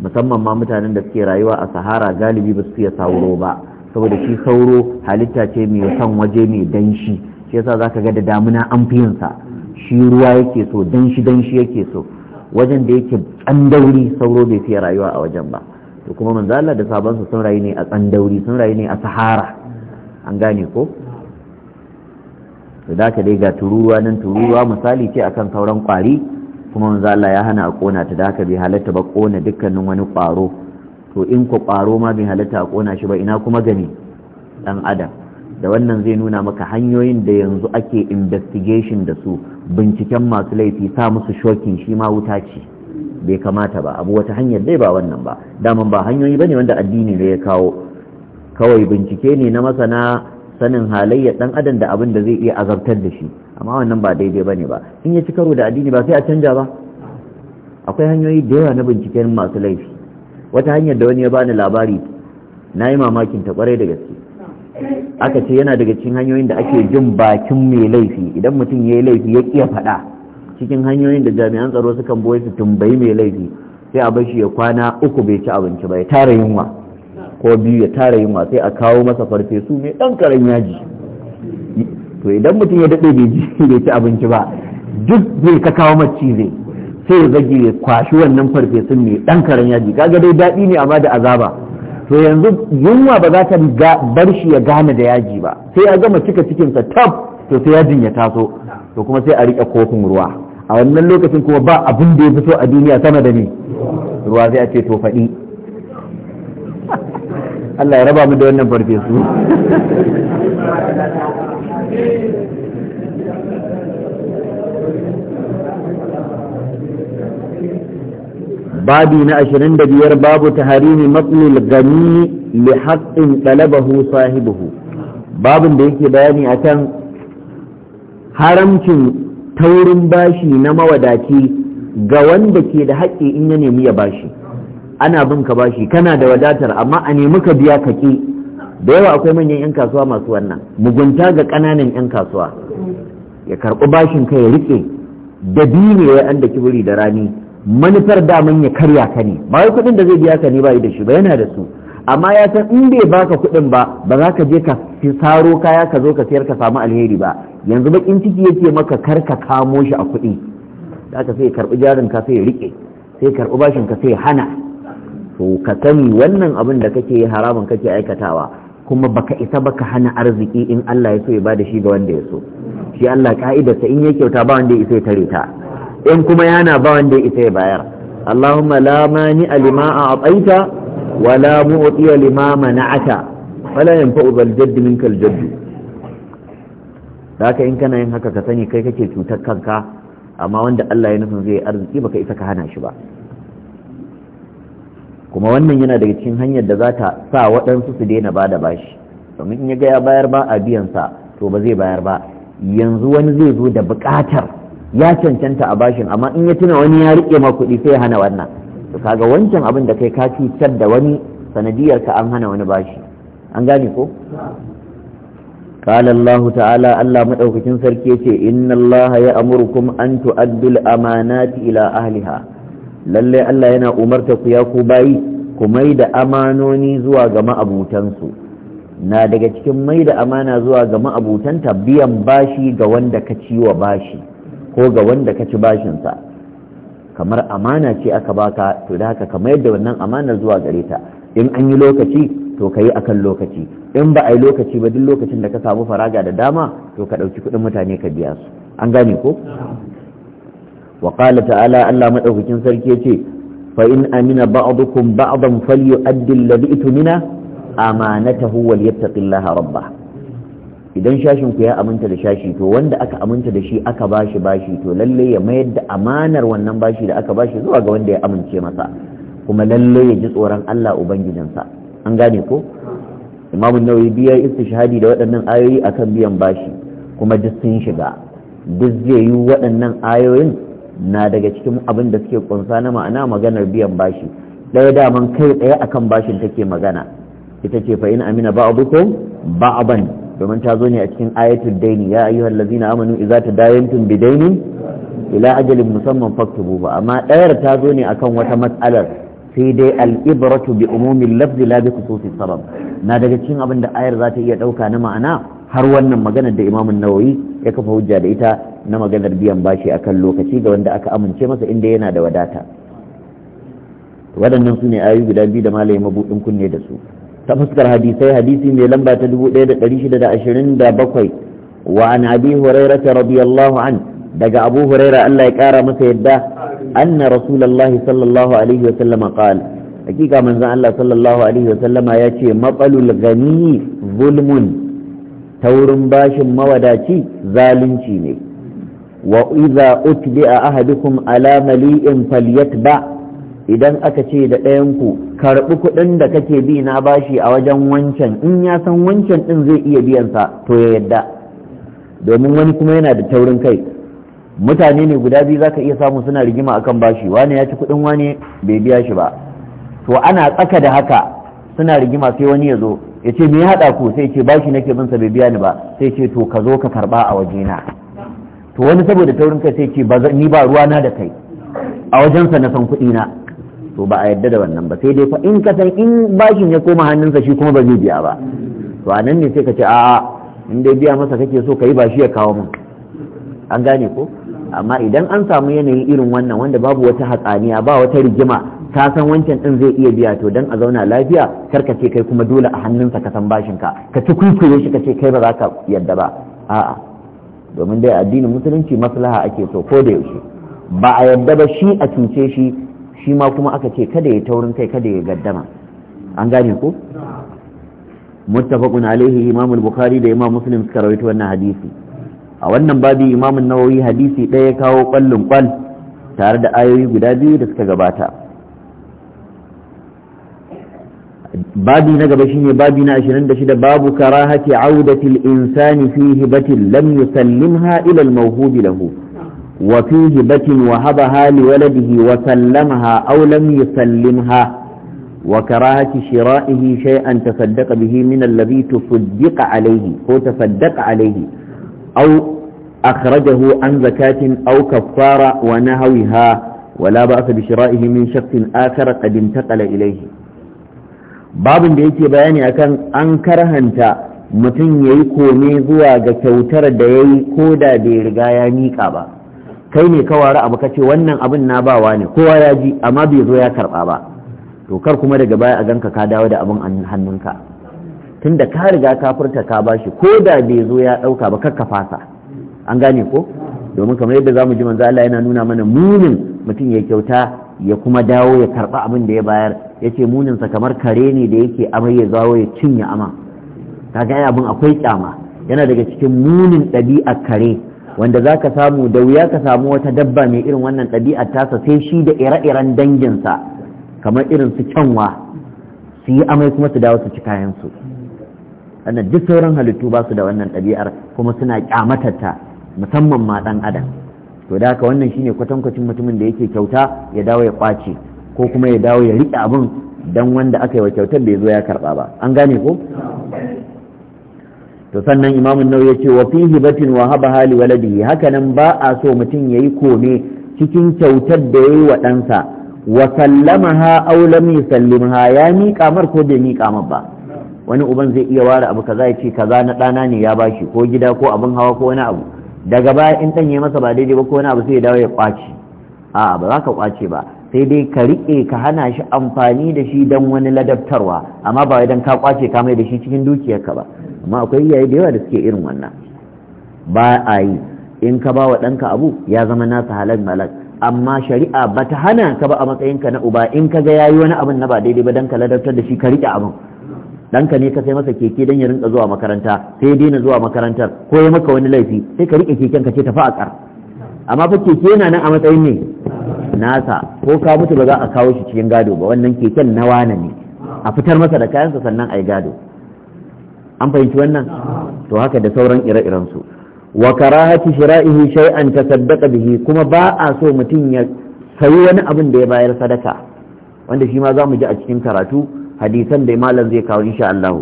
musamman ma mutanen da suke rayuwa a sahara galibi ba su fiye sauro ba saboda shi sauro halitta ce mai son waje mai danshi shi yasa ka ga da damuna an fi yin sa shi ruwa yake so danshi danshi yake so wajen da yake tsandauri sauro bai fiye rayuwa a wajen ba to kuma Manzala Allah da su sun rayu ne a tsandauri sun rayu ne a sahara an gane ko to da ka dai ga tururuwa nan tururuwa misali ce akan sauran kwari kuma manzo Allah ya hana a kona ta da haka bai halatta ba kona dukkanin wani ƙwaro to in ku ƙwaro ma bai halatta a kona shi ba ina kuma gani dan adam da wannan zai nuna maka hanyoyin da yanzu ake investigation da su binciken masu laifi sa musu shokin shi ma wuta ce bai kamata ba abu wata hanyar dai ba wannan ba daman ba hanyoyi bane wanda addini ne ya kawo kawai bincike ne na masana sanin halayyar dan adam da abin da zai iya azabtar da shi amma wannan ba daidai ba ne ba in ya ci karo da addini ba sai a canja ba akwai hanyoyi da yawa na binciken masu laifi wata hanyar da wani ya bani labari na yi mamakin ta kwarai da gaske aka ce yana daga cikin hanyoyin da ake jin bakin mai laifi idan mutum ya yi laifi ya iya faɗa cikin hanyoyin da jami'an tsaro sukan boye su tumbayi mai laifi sai a bashi ya kwana uku bai ci abinci ba ya tara yunwa ko biyu ya tara yunwa sai a kawo masa farfesu mai ɗan karen yaji to idan mutum ya daɗe bai ci abinci ba duk zai ka kawo mace zai sai ya zage ya kwashi wannan farfesun mai ɗan karen yaji kaga dai daɗi ne amma da azaba to yanzu yunwa ba za ta bar shi ya gane da yaji ba sai ya gama cika cikinsa tab to sai yajin ya taso to kuma sai a riƙe kofin ruwa a wannan lokacin kuma ba abin da ya fi so a duniya sama da ni ruwa sai a ce to faɗi *laughs* Allah ya raba mu da wannan farfesu *laughs* babi na ashirin da biyar babu harini matsalil gani li haƙƙin ɗalabahu sahibuhu babin da yake bayani a kan haramcin taurin bashi na mawadaci ga wanda ke da haƙƙi in ya nemi ya bashi ana bin ka bashi kana da wadatar amma a nemi ka biya ka ki da yawa akwai manyan 'yan kasuwa masu wannan mugunta ga ƙananan 'yan kasuwa ya karɓi bashin ka ya riƙe da biyu ne wai an da kibiri da rani manufar daman ya karya ka ne ba wai kuɗin da zai biya ka ne ba da shi ba yana da su amma ya san in bai baka kuɗin ba ba za ka je ka fi saro kaya ka zo ka sayar ka samu alheri ba yanzu bakin ciki yake maka kar ka kamo shi a kuɗi da ka sai karɓi jarin ka sai ya riƙe sai karɓi bashin ka sai hana to ka sani wannan abin da kake haramun kake aikatawa kuma baka isa baka hana arziki in Allah ya so ya bada shi ga wanda ya so shi Allah ka'idarsa in ya kyauta ba wanda ya isa ya tare ta in kuma yana ba wanda ya isa ya bayar Allahumma la mani alima a abaita wa la mu'tiya lima mana'ata wala yanfa'u zal jaddi minkal jaddu haka in kana yin haka ka sani kai kake cutar kanka amma wanda Allah ya nufin zai arziki baka isa ka hana shi ba kuma wannan yana daga cikin hanyar da za ta sa waɗansu su daina ba da bashi domin in ya ga ya bayar ba a biyansa to ba zai bayar ba yanzu wani zai zo da buƙatar ya cancanta a bashin amma in ya tuna wani ya rike ma kuɗi sai ya hana wannan to kaga wancan abin da kai ka cutar da wani sanadiyar ka an hana wani bashi an gane ko قال الله تعالى الله مدوكين ce inna Allah ya amurkum an tu'addu al-amanati ila ahliha lallai Allah yana umarta ku ya ku bayi ku maida amanoni zuwa ga ma'abutan na daga cikin mai da amana zuwa ga ma'abutanta biyan bashi ga wanda ka ciwa bashi ko ga wanda ka ci bashinsa kamar amana ce aka baka to da haka ka mayar da wannan amanar zuwa gare ta in an yi lokaci to ka yi akan lokaci in ba a yi lokaci ba duk lokacin da ka samu faraga da dama to ka ɗauki kuɗin mutane ka biya su an gane ko wa qala ta'ala Allah madaukakin sarki yace fa in amina ba'dukum ba'dan falyu'addi alladhi itumina amanatahu wal yattaqillaha rabbah idan shashin ku ya aminta da shashi to wanda aka aminta da shi aka bashi bashi to lalle ya mayar da amanar wannan bashi da aka bashi zuwa ga wanda ya amince masa kuma lalle ya ji tsoron Allah ubangijinsa an gane ko imamu nawawi biya istishhadi da waɗannan ayoyi akan biyan bashi kuma duk sun shiga duk zai yi waɗannan ayoyin na daga cikin abin da suke kunsa na ma'ana maganar biyan bashi ɗaya daman kai tsaye akan bashin take magana ita ce fa in amina ba'dukum ba'dan domin ta zo ne a cikin ayatul daini ya ayyuhal ladzina amanu idza tadayantum bidainin ila ajalin musamman faktubu ba amma ɗayar ta zo ne akan wata matsalar sai dai al'ibratu bi umomin lafzi la bi khususi sabab na daga cikin abin da ayar za ta iya ɗauka na ma'ana har wannan maganar da imamun nawawi ya kafa hujja da ita na maganar biyan bashi akan lokaci ga wanda aka amince masa inda yana da wadata waɗannan su ne ayoyi guda biyu da malaye mabuɗin kunne da su ta fuskar hadisai hadisi mai lamba ta 1627 wa an abi hurairah radiyallahu an daga abu hurairah Allah ya kara masa yadda anna rasulullah sallallahu alaihi wa sallam qala hakika manzon Allah sallallahu alaihi wa sallama yace maqalul ghani zulmun taurin bashin mawadaci zalunci ne wa idza utbi'a ahadukum ala mali'in falyatba' idan aka ce da ɗayanku karɓi kuɗin da kake bi na bashi a wajen wancan in ya san wancan ɗin zai iya biyansa to ya yadda domin wani kuma yana da taurin kai mutane ne guda biyu zaka iya samu suna rigima akan bashi wani ya ci kuɗin wani bai biya shi ba to ana tsaka da haka suna rigima sai wani ya zo ya ce me ya haɗa ku sai ce bashi nake bin sa bai biya ni ba sai ce to ka zo ka karɓa a wajena to wani saboda taurin kai sai ce ni ba ruwana da kai a wajensa na san kuɗi na to ba a yadda da wannan ba sai dai fa in ka san in bashin ya koma hannunsa shi kuma ba zai biya ba to a nan ne sai ka ce a'a in dai biya masa kake so ka yi bashi ya kawo min an gane ko amma idan an samu yanayin irin wannan wanda babu wata hatsaniya ba wata rigima ka san wancan din zai iya biya to dan a zauna lafiya kar ka ce kai kuma dole a hannunsa ka san bashin ka ka ci kuikuye shi ka ce kai ba za ka yadda ba a'a domin dai addinin musulunci maslaha ake so ko da yaushe ba a yadda ba shi a cince shi shi ma kuma aka ce kada ya taurin kai kada ya gaddama an gane ku? muttafaqun alaihi imam al-bukhari da imam muslim suka rawaito wannan hadisi a wannan babi imam an-nawawi hadisi ɗaya ya kawo kwallon kwal tare da ayoyi guda biyu da suka gabata babi na gaba shine babi na 26 babu karahati audatil insani fi hibatin lam yusallimha ila al-mawhubi lahu وفي هبة وهبها لولده وسلمها أو لم يسلمها وكراهة شرائه شيئا تصدق به من الذي تصدق عليه هو تصدق عليه أو أخرجه عن زكاة أو كفارة ونهوها ولا بأس بشرائه من شخص آخر قد انتقل إليه babin da yake bayani akan an karhanta mutum ya yi kome zuwa ga kyautar da ya yi ko da bai riga ya miƙa ba kai ne ka wara abu kace wannan abin na bawa ne kowa ya ji amma bai zo ya karba ba to kar kuma daga baya a ganka ka dawo da abin hannunka tunda ka riga ka furta ka bashi ko da bai zo ya dauka ba kakka fasa an gane ko domin kamar yadda zamu ji manzo Allah yana nuna mana munin mutum ya kyauta ya kuma dawo ya karba abin da ya bayar yace munin sa kamar kare ne da yake amai ya zawo ya cinye ama kaga abin akwai kyama yana daga cikin munin ɗabi'a kare wanda za ka samu da wuya ka samu wata dabba mai irin wannan ɗabi'a tasa sai shi da ire-iren danginsa kamar irin su canwa su yi amai kuma su dawo su ci kayansu wannan duk sauran halittu ba su da wannan ɗabi'ar kuma suna kyamatarta musamman ma ɗan adam to da haka wannan shine kwatankwacin mutumin da yake kyauta ya dawo ya kwace ko kuma ya dawo ya riƙe abin dan wanda aka yi wa kyautar bai zo ya karɓa ba an gane ko to sannan imamun nau ya ce wa fihi batin wa haba hali waladi haka nan ba a so mutum ya yi kome cikin kyautar da ya yi wa ɗansa wa sallama ha aulam ya ha ya miƙa mar ko bai miƙa mar ba wani uban zai iya ware abu kaza ya ce kaza na ɗana ne ya bashi ko gida ko abin hawa ko wani abu daga baya in ɗan ya masa ba daidai ba ko wani abu sai ya dawo ya ƙwace a'a ba za ka ƙwace ba sai dai ka riƙe ka hana shi amfani da shi don wani ladabtarwa amma ba wai don ka ƙwace ka mai da shi cikin dukiyarka ba amma akwai iyaye da yawa da suke irin wannan ba a yi in ka ba wa ɗanka abu ya zama nasa halal malak amma shari'a ba ta hana ka ba a matsayinka na uba in ka ga yayi wani abin na ba daidai ba don ka ladabtar da shi ka riƙe abin ɗanka ne ka sai masa keke don ya rinka zuwa makaranta sai ya daina zuwa makarantar ko ya maka wani laifi sai ka riƙe keken ka ce tafi a ƙar amma fa keke yana nan a matsayin ne nasa ko ka mutu ba za a kawo shi cikin gado ba wannan keken na wane ne a fitar masa da kayansa sannan a yi gado an fahimci wannan to haka da sauran ire-iren su wa karahati shira'ihi shay'an tasaddaqa bihi kuma ba a so mutum ya sayi wani abin da ya bayar sadaka wanda shi ma za mu ji a cikin karatu hadisan da malam zai kawo insha Allah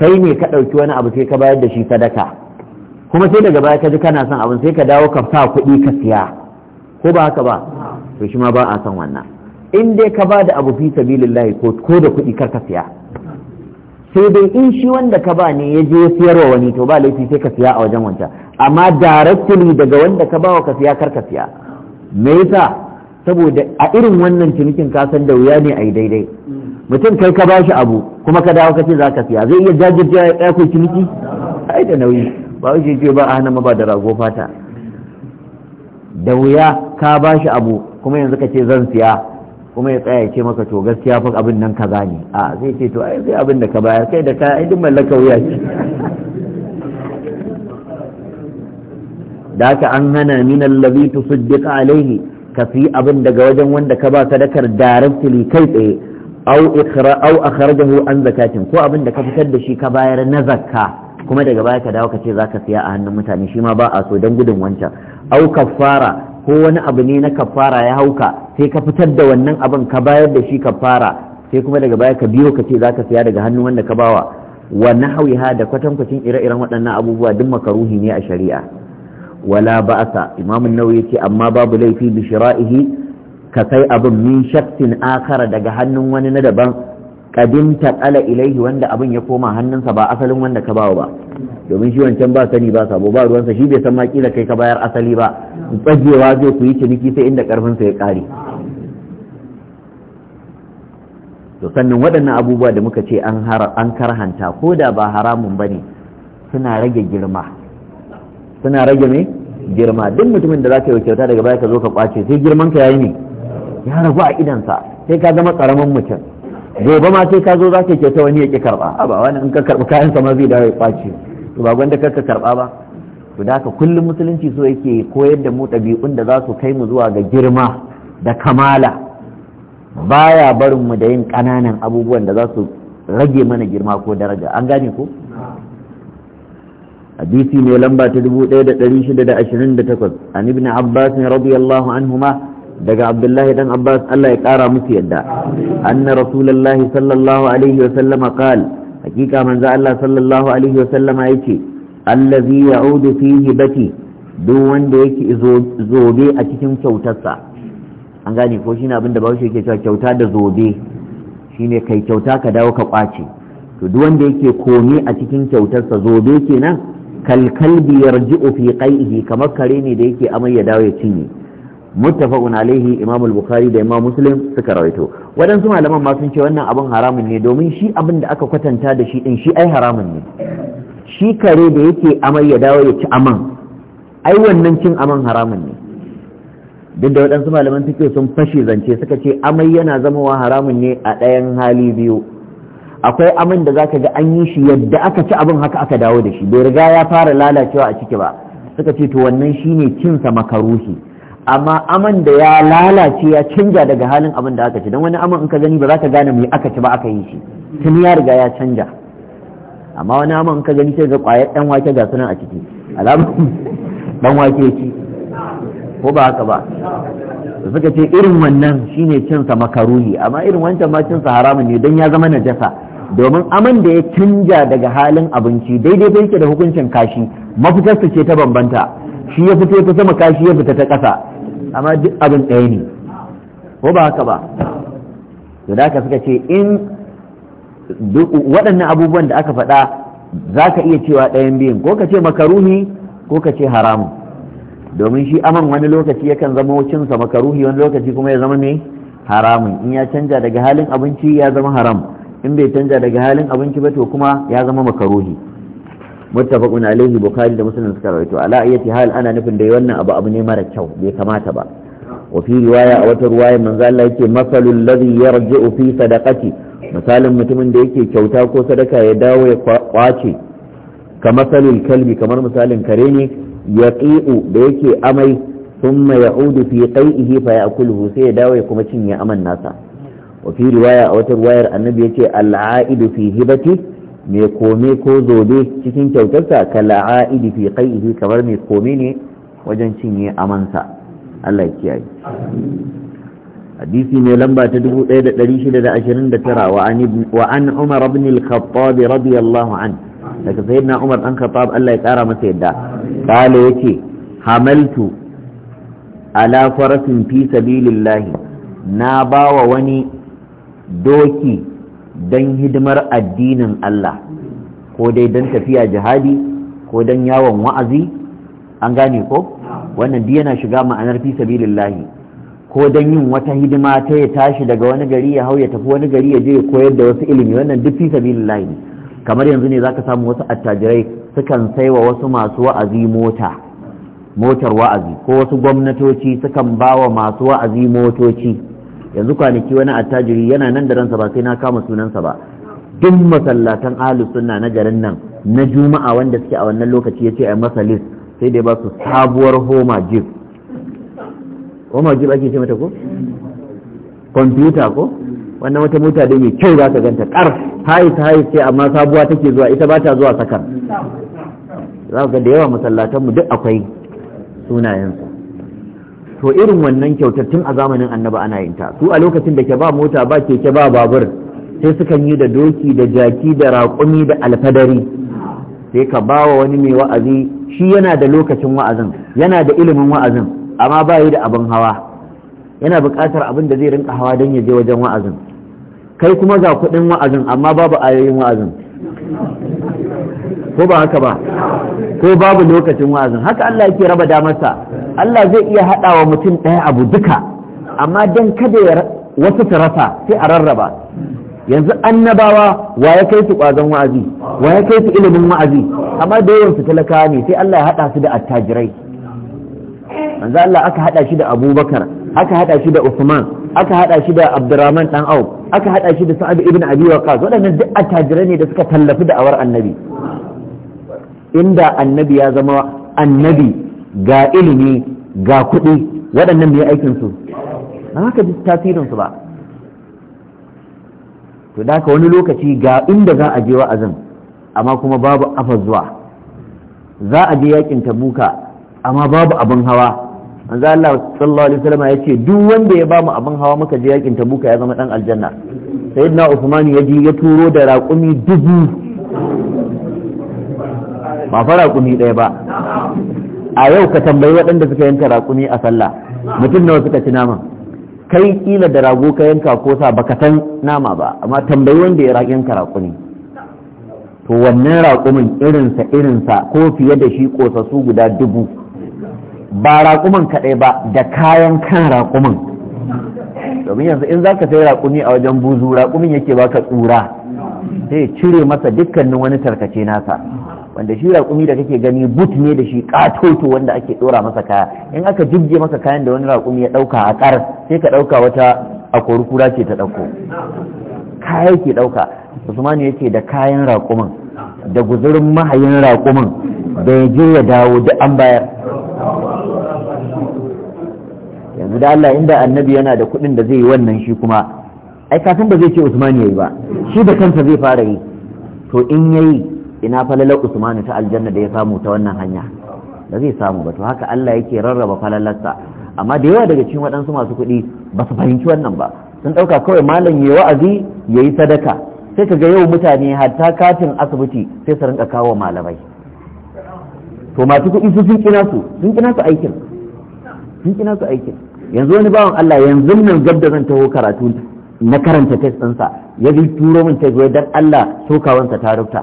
kai ne ka ɗauki wani abu sai ka bayar da shi sadaka kuma sai daga baya ka ji kana son abin sai ka dawo ka sa kuɗi ka siya ko ba haka ba to shi ma ba a son wannan in dai ka ba da abu fi sabilillahi ko da kuɗi kar ka siya sai dai in shi wanda ka ba ne ya je ya siyarwa wani to ba laifi sai ka siya a wajen wancan amma directly daga wanda ka ba wa ka siya kar ka siya me yasa saboda a irin wannan cinikin ka san da wuya ne a yi daidai mutum kai ka bashi abu kuma ka dawo ka ce za ka siya zai iya jajirce ya kai ciniki ai da nauyi ba wuce ce ba a hana ma ba da rago fata da wuya ka bashi abu kuma yanzu ka ce zan siya kuma ya tsaya ce maka to gaskiya fa abin nan kaza ne a zai ce to ai sai abin da ka bayar kai da ka ai duk mallaka wuya ce da ka an hana min allazi tusaddiqa alaihi ka fi abin daga wajen wanda ka ba sadakar directly kai tsaye au ikra au akhrajahu an zakatin ko abin da ka fitar da shi ka bayar na zakka kuma daga baya ka dawo ka ce zaka siya a hannun mutane shi ma ba a so dan gudun wancan au kaffara ko wani abu ne na kafara ya hauka sai ka fitar da wannan abin ka bayar da shi kafara sai kuma daga baya ka biyo ka ce za ka siya daga hannun wanda ka bawa wa nahwiha da kwatankwacin ire-iren waɗannan abubuwa duk makaruhi ne a shari'a wala ba'asa imamun ya ce amma babu laifi bishiraihi ka sai abin min shaktin akara daga hannun wani na daban kadimta kala ilaihi wanda abin ya koma hannunsa ba asalin wanda ka bawa ba domin shi wancan ba sani ba sabo ba ruwansa shi bai san ma kila kai ka bayar asali ba tsagewa zai ku yi ciniki sai inda karfin sa ya kare. to sannan waɗannan abubuwa da muka ce an karhanta ko da ba haramun ba ne suna rage girma suna rage me girma duk mutumin da zaka ka yi kyauta daga baya ka zo ka kwace sai girman ka yayi ne ya ragu a sa sai ka zama karamin mutum gobe ma sai ka zo za ka kyauta wani ya ki karba a ba wani in ka karbi kayan sama zai dawo ya kwace to ba gwanda ka karɓa ba to da haka kullum musulunci so yake koyar da mu ɗabi'un da za su kai mu zuwa ga girma da kamala baya barin mu da yin ƙananan abubuwan da za su rage mana girma ko daraja an gane ko hadisi mai lamba ta 1628 an ibn abbas radiyallahu anhuma daga abdullahi dan abbas Allah ya kara musu yadda anna rasulullahi sallallahu alaihi wa sallama qal hakika manzo Allah sallallahu alaihi wa sallama yace allazi ya'udu fi hibati duk wanda yake zobe a cikin kyautarsa an gane ko shine abin da bahaushe yake cewa kyauta da zobe shine kai kyauta ka dawo ka kwace to duk wanda yake kome a cikin kyautarsa zobe kenan kalkalbi yarji'u fi qaihi kamar kare ne da yake amai ya dawo ya cinye muttafaqun alaihi imam al-bukhari da imam muslim suka rawaito waɗansu malaman ma sun ce wannan abin haramun ne domin shi abin da aka kwatanta da shi din shi ai haramun ne shi kare da yake amai ya dawo ya ci aman ai wannan cin aman haramun ne duk da waɗansu malaman suke sun fashe zance suka ce amai yana zama zamawa haramun ne a ɗayan hali biyu akwai aman da zaka ga an yi shi yadda aka ci abin haka aka dawo da shi bai riga ya fara lalacewa a ciki ba suka ce to wannan shine cinsa makaruhi amma aman da ya lalace ya canja daga halin abin da aka ci don wani aman in ka gani ba za ka gane mai aka ci ba aka yi shi tun ya riga ya canja amma wani aman in ka gani sai ga kwayar dan wake ga sunan a ciki alamun dan *laughs* wake ci ko ba haka ba suka ce irin wannan shine cinsa makaruni amma irin wancan ma cinsa haramun ne don ya zama najasa domin aman da ya canja daga halin abinci daidai da yake da hukuncin kashi mafitarsa ce ta bambanta shi ya fito ta sama kashi ya fita ta ƙasa amma duk abin ɗaya ne ko ba haka ba to da suka ce in waɗannan abubuwan da aka faɗa za ka iya cewa ɗayan biyun ko ka ce makaruhi ko ka ce haramu domin shi aman wani lokaci yakan zama cinsa makaruhi wani lokaci kuma ya zama ne haramun in ya canja daga halin abinci ya zama haram in bai canja daga halin abinci ba to kuma ya zama makaruhi muttafaqun alaihi bukhari da muslim suka rawaito ala ayati hal ana nufin dai wannan abu abu ne mara kyau bai kamata ba wa fi riwaya a wata riwaya manzo Allah yake masalul ladhi yarji'u fi sadaqati misalin mutumin da yake kyauta ko sadaka ya dawo ya kwace ka masalul kalbi kamar misalin kare ne yaqi'u da yake amai thumma ya'udu fi qai'ihi fa ya'kuluhu sai ya dawo ya kuma cinye aman nasa wa fi riwaya a wata riwayar annabi yace al'aidu fi hibati mai kome ko zobe cikin kyautarsa ka la'a'idi fi qai'ihi kamar mai kome ne wajen cinye amansa Allah ya kiyaye hadisi mai lamba ta 1629 wa an wa an Umar ibn al-Khattab radiyallahu an daga sayyidina Umar dan Khattab Allah ya kara masa yadda kale yake hamaltu ala farasin fi sabilillah na bawa wani doki don hidimar addinin Allah ko dai don tafiya jihadi ko don yawon wa'azi an gane ko wannan biya yana shiga ma'anar fi sabilillahi ko don yin wata hidima ta ya tashi daga wani gari ya hau ya tafi wani gari ya je ya koyar da wasu ilimi wannan duk fi sabilillahi ne kamar yanzu ne zaka samu wasu attajirai sukan saiwa wasu masu wa'azi mota motar wa'azi ko wasu gwamnatoci sukan ba wa masu wa'azi motoci yanzu kwanaki wani attajiri yana nan da ransa ba sai na kama sunansa ba duk masallatan ahlu sunna na garin nan na juma'a wanda suke a wannan lokaci yace ai masa list sai dai ba su sabuwar homa jib homa jib ake ce mata ko kwamfuta ko wannan wata mota dai mai kyau za ka ganta kar hayi ta hayi ce amma sabuwa take zuwa ita ba ta zuwa sakar za ga da yawa masallatanmu duk akwai sunayensu to irin wannan kyautattun a zamanin annaba ana yin ta su a lokacin da ke ba mota ba keke ba babur sai sukan yi da doki da jaki da raƙumi da alfadari sai ka ba wa wani mai wa'azi shi yana da lokacin wa'azin yana da ilimin wa'azin amma ba yi da abin hawa yana buƙatar abin da zai rinka hawa don ya je wajen wa'azin kai kuma ga kuɗin wa'azin amma babu ayoyin wa'azin ko ba haka ba ko babu lokacin wa'azin haka Allah yake raba damarsa Allah zai iya haɗa wa mutum ɗaya abu duka amma don kada ya wasu su rasa sai a rarraba yanzu annabawa wa ya kai su ƙwazon wa'azi wa ya kai su ilimin wa'azi amma da yawan su talakawa ne sai Allah ya haɗa su da attajirai manzo Allah aka haɗa shi da Abubakar aka haɗa shi da Usman aka haɗa shi da Abdurrahman ɗan Au, aka haɗa shi da Sa'ad ibn Abi Waqqas waɗannan duk attajirai ne da suka tallafi da'awar Annabi inda Annabi ya zama Annabi ga ilimi ga kuɗi waɗannan mai aikinsu ba haka ji tasirinsu ba to da wani lokaci ga inda za a je wa'azin amma kuma babu zuwa za a je yakin tabuka amma babu abin hawa za Allah sallallahu alaihi wasallam ya ce duk wanda ya bamu abin hawa muka je yakin tabuka ya zama dan aljanna sayyidina usman ya ji ya turo da raƙumi dubu ba fara raƙumi ɗaya ba a yau ka tambayi waɗanda suka yanka raƙumi a sallah mutum nawa suka ci nama kai kila da rago ka yanka ko sa baka san nama ba amma tambayi wanda ya yanka raƙumi to wannan raƙumin irinsa irinsa ko fiye da shi ƙosassu guda dubu ba raƙumin kaɗai ba da kayan kan raƙuman domin yanzu in za ka sai raƙumi a wajen buzu raƙumin yake baka tsura sai cire masa dukkanin wani tarkace nasa wanda shi raƙumi da kake gani but ne da shi ƙatoto wanda ake ɗora masa kaya in aka jibge masa kayan da wani raƙumi ya ɗauka a ƙar sai ka ɗauka wata a kura ce ta ɗauko kaya ke ɗauka usman ya da kayan raƙumin da guzurin mahayin raƙumin da ya je ya dawo duk an bayar yanzu da Allah inda annabi yana da kuɗin da zai yi wannan shi kuma ai kafin ba zai ce usman ya yi ba shi da kansa zai fara yi to in yayi ina falalar usmanu ta aljanna da ya samu ta wannan hanya da zai samu ba to haka Allah yake rarraba falalarsa amma da yawa daga cikin waɗansu masu kuɗi ba su fahimci wannan ba sun ɗauka kawai malam ya wa'azi ya yi sadaka sai ka ga yau mutane hatta katin asibiti sai su rinka kawo malamai to masu kuɗi su sun kina su sun kina su aikin sun kina su aikin yanzu wani bawan Allah yanzu nan gab da zan taho karatu na karanta test ɗinsa ya bi turo min test don Allah sokawansa ta rufta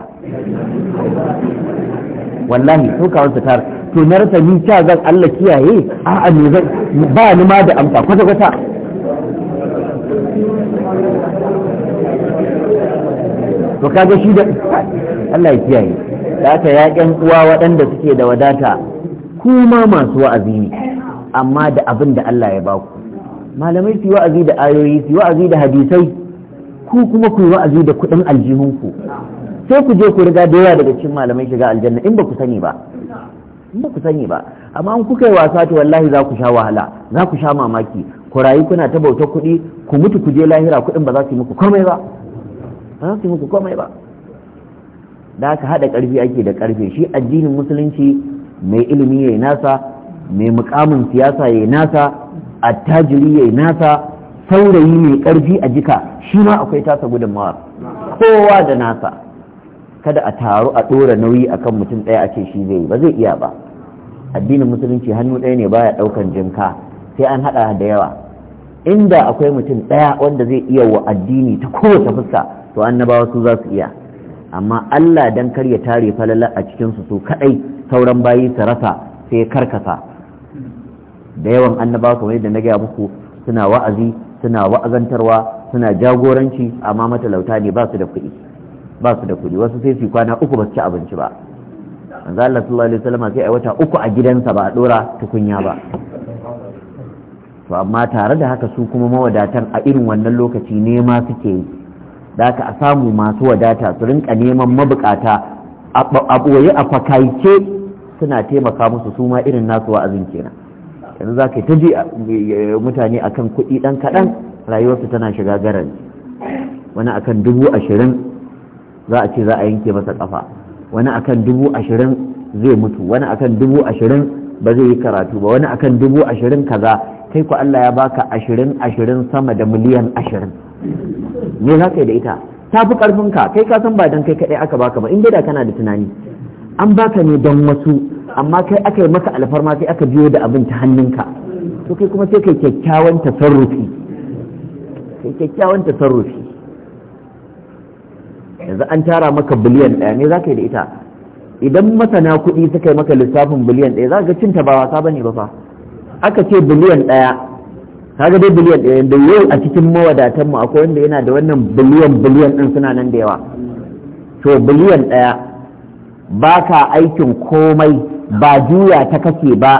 wallahi sokawansa ta to na rasa ni cha zan Allah kiyaye a'a ne zan ba ni ma da amsa kwata kwata to kaga shi da Allah ya kiyaye da aka ya ƴan uwa waɗanda suke da wadata kuma masu wa'azi ne amma da abin da Allah ya baku malamai su yi wa'azi da ayoyi su yi wa'azi da hadisai ku kuma ku yi wa'azi da kuɗin aljihunku sai ku je ku riga da yawa daga cikin malamai shiga aljanna in ba ku sani ba in ba ku sani ba amma an kuka yi wasa to wallahi za ku sha wahala za ku sha mamaki ku rayu kuna ta bautar kuɗi ku mutu ku je lahira kuɗin ba za su yi muku komai ba ba za su yi muku komai ba da aka haɗa ƙarfi ake da ƙarfe shi addinin musulunci mai ilimi ya nasa mai mukamin siyasa ya nasa attajiri yayi nasa saurayi mai ƙarfi a jika shi ma akwai tasa gudunmawa kowa da nasa kada a taru a ɗora nauyi akan mutum ɗaya a shi zai yi ba zai iya ba addinin musulunci hannu ɗaya ne baya ɗaukan jinka sai an haɗa da yawa inda akwai mutum ɗaya wanda zai iya wa addini ta kowace fuska to annabawa su za su iya amma Allah dan kar ya tare falala a cikin su su kadai sauran bayi su rasa sai karkasa da yawan annaba kamar yadda na gaya muku suna wa'azi suna wa'azantarwa suna jagoranci amma matalauta ne ba su da kuɗi ba su da kuɗi wasu sai su kwana uku ba su ci abinci ba manzo Allah sallallahu alaihi wasallam sai a wata uku a gidansa ba a dora tukunya ba to amma tare da haka su kuma mawadatan a irin wannan lokaci nema suke yi da haka a samu masu wadata su rinka neman mabukata a ɓoye a fakaice suna taimaka musu su ma irin nasu wa'azin kenan yanzu za ka ta mutane mutane akan kuɗi ɗan kaɗan rayuwarsu tana shiga garan wani akan dubu ashirin za a ce za a yanke masa ƙafa wani akan dubu ashirin zai mutu wani akan dubu ashirin ba zai yi karatu ba wani kan dubu ashirin kaza kai ku Allah ya baka ashirin ashirin sama da miliyan ashirin me za ka yi da ita ta fi ƙarfinka kai ka san ba don kai kaɗai aka baka ba in da kana da tunani an baka ne don wasu amma kai aka yi maka alfarma sai aka biyo da abin ta hannunka to kai kuma sai kai kyakkyawan tasarrufi kai kyakkyawan tasarrufi yanzu an tara maka biliyan ɗaya ne za ka yi da ita idan masana kuɗi suka yi maka lissafin biliyan ɗaya za ka cinta ba wasa bane ba fa aka ce biliyan ɗaya kaga dai biliyan ɗaya da yau a cikin mawadatan mu akwai wanda yana da wannan biliyan biliyan ɗin suna nan da yawa to biliyan ɗaya ba ka aikin komai ba juya ta kake ba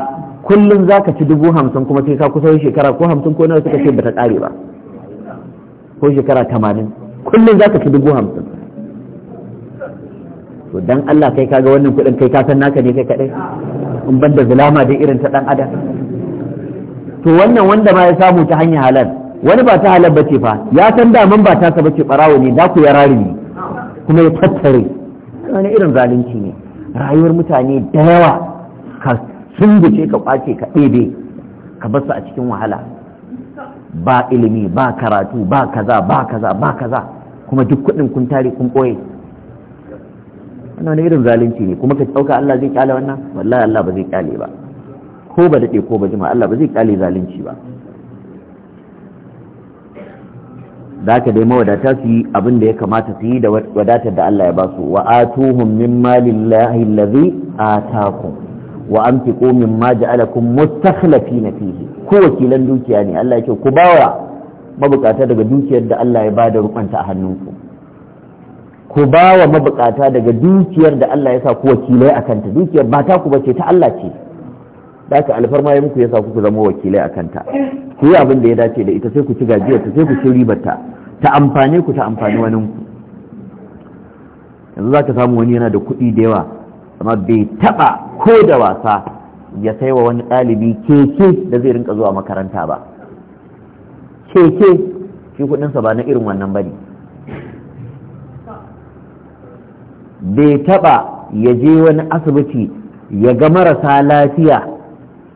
kullum za ka ci dubu hamsin kuma sai ka kusa shekara ko hamsin ko nawa suka ce ba ta ƙare ba ko shekara tamanin kullum za ka ci dubu hamsin to dan Allah kai kaga wannan kuɗin kai ka san naka ne kai kaɗai in ban da zulama da irin ta dan adam to wannan wanda ma ya samu ta hanyar halal wani ba ta halal bace fa ya san daman ba ta bace barawo ne da ku ya rari ne kuma ya tattare wani irin zalunci ne rayuwar mutane da yawa ka sunguce ka kwace ka ɗebe ka basu a cikin wahala ba ilimi ba karatu ba kaza ba kaza ba kaza kuma duk kuɗin kun tare kun ɓoye wannan irin zalunci ne kuma ka ɗauka Allah zai kyale wannan wallahi Allah ba zai kyale ba ko ba daɗe ko ba jima Allah ba zai kyale zalunci ba da ka dai mawadata su yi abin da ya kamata su yi da wadatar da Allah ya ba su wa atuhum min malillahi allazi ataakum wa anfiqu mimma ja'alakum mustakhlifina fihi ko wakilan dukiya ne Allah yake ku bawa mabukata daga dukiyar da Allah ya ba da rubanta a hannunku ku bawa mabukata daga dukiyar da Allah ya sa ku wakilai akan ta dukiyar ba ta ku bace ta Allah ce da aka alfarma ya muku yasa kuka zama wakilai a kanta ku yi abin da ya dace da ita sai ku ci gajiyar ta sai ku ci ribar ta ta amfane ku ta amfani wani ku yanzu za ka samu wani yana da kuɗi da yawa amma bai taɓa ko da wasa ya sai wa wani ɗalibi keke da zai rinka zuwa makaranta ba keke shi kuɗinsa ba na irin wannan ba ne bai taɓa ya je wani asibiti ya ga marasa lafiya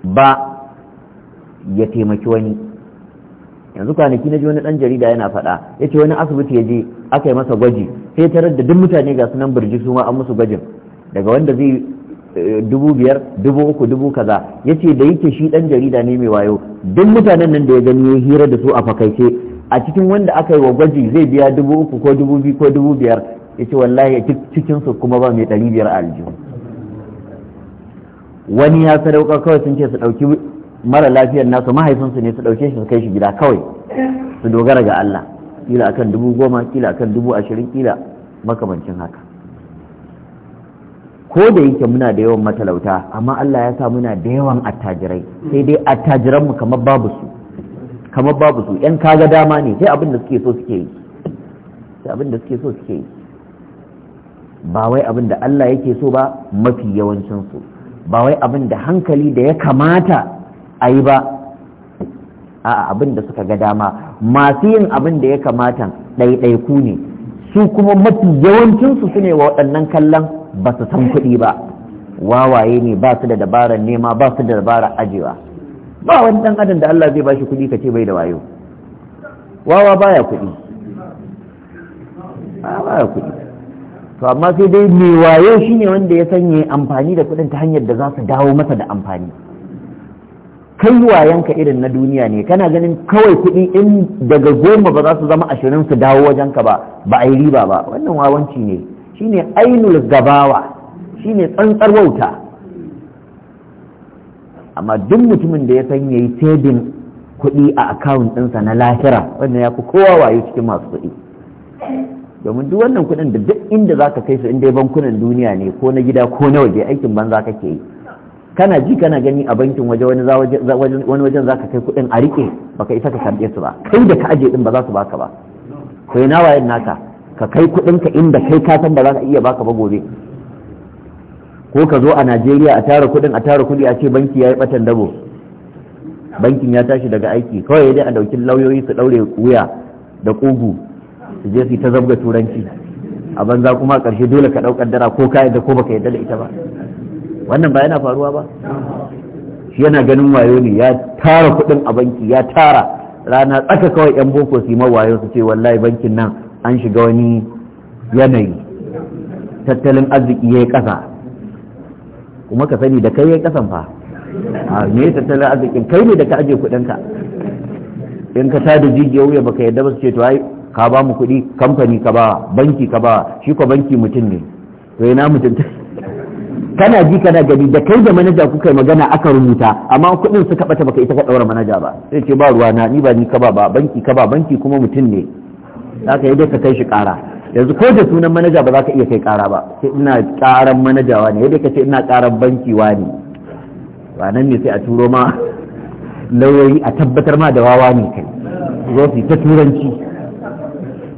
ba ya taimaki wani yanzu kwanaki na ji wani dan jarida yana faɗa ya ce wani asibiti ya je aka yi masa gwaji sai tarar da duk mutane ga sunan birji su ma an musu gwajin daga wanda zai eh, dubu biyar dubu uku dubu kaza ya ce da yake shi dan jarida ne mai wayo duk mutanen nan da ya gani ya hira da su a fakaice a cikin wanda aka yi wa gwaji zai biya dubu uku ko dubu biyu ko dubu biyar ya ce wallahi cikinsu kuma ba mai ɗari biyar a aljihu wani ya sadauka kawai sun ce su ɗauki mara lafiyar nasu mahaifinsu ne su ɗauke shi su kai shi gida kawai su dogara ga Allah kila akan dubu goma kila akan dubu ashirin kila makamancin haka ko da yake muna da yawan matalauta amma Allah ya sa muna da yawan attajirai sai dai attajiranmu kamar babu su kamar babu su yan kaga dama ne sai abin da suke so suke yi sai abin da suke so suke yi ba wai abin da Allah yake so ba mafi yawancin su ba wai abin da hankali da ya kamata a yi ba a abin da suka ga dama masu yin abin da ya kamata ɗaiɗaiku ne su kuma mafi yawancinsu su ne wa waɗannan kallon ba su san kuɗi ba wawaye ne ba su da dabarar nema ba su da dabarar ajewa ba wani ɗan adam da Allah zai ba shi kuɗi ka ce bai da wayo wawa baya kuɗi baya kuɗi to amma sai dai mai wayo shine wanda ya sanya amfani da kuɗin ta hanyar da za su dawo masa da amfani kai wayanka irin na duniya ne kana ganin kawai kuɗi in daga goma ba za su zama ashirin su dawo wajenka ba ba a yi riba ba wannan wawanci ne shine ainul gabawa shine tsantsar wauta amma duk mutumin da ya san yayi tebin kuɗi a akawun ɗinsa na lahira wannan ya fi kowa wayo cikin masu kuɗi domin duk wannan kuɗin da duk inda za ka kai su inda bankunan duniya ne ko na gida ko na waje aikin banza kake yi kana ji kana gani a bankin waje wani wajen za ka kai kuɗin a riƙe ka isa ka karɓe su ba kai da ka aje din ba za su baka ba kai na wayan naka ka kai kuɗin ka inda kai ka san ba za ka iya baka ba gobe ko ka zo a Najeriya a tara kuɗin a tara kuɗi a ce banki ya yi batan dabo bankin ya tashi daga aiki kawai dai a ɗauki lauyoyi su ɗaure wuya da ƙugu su je su ta zabga turanci a banza kuma a ƙarshe dole ka ɗaukar dara ko ka yadda ko baka yadda da ita ba wannan ba yana faruwa ba shi yana ganin wayo ne ya tara kuɗin a banki ya tara rana tsaka kawai yan boko su yi wayo su ce wallahi bankin nan an shiga wani yanayi tattalin arziki ya yi ƙasa kuma ka sani da kai ya yi ƙasan fa a me tattalin arzikin kai ne da ka aje kuɗinka in ka tada jijiyar wuya baka yadda ba su ce to ai ka ba mu kuɗi kamfani ka ba banki ka ba shi ko banki mutum ne to ina mutum kana ji kana gani da kai da manaja kuka yi magana aka rubuta amma kuɗin suka bata baka ita ka ɗaura manaja ba sai ce ba ruwa na ni ba ni ka ba ba banki ka ba banki kuma mutum ne zaka yi dai ka kai shi ƙara yanzu ko da sunan manaja ba za ka iya kai kara ba sai ina karan manajawa ne yadda ka ce ina karan banki wa ne ba nan ne sai a turo ma lauyoyi a tabbatar ma da wawa ne kai zo su ta turanci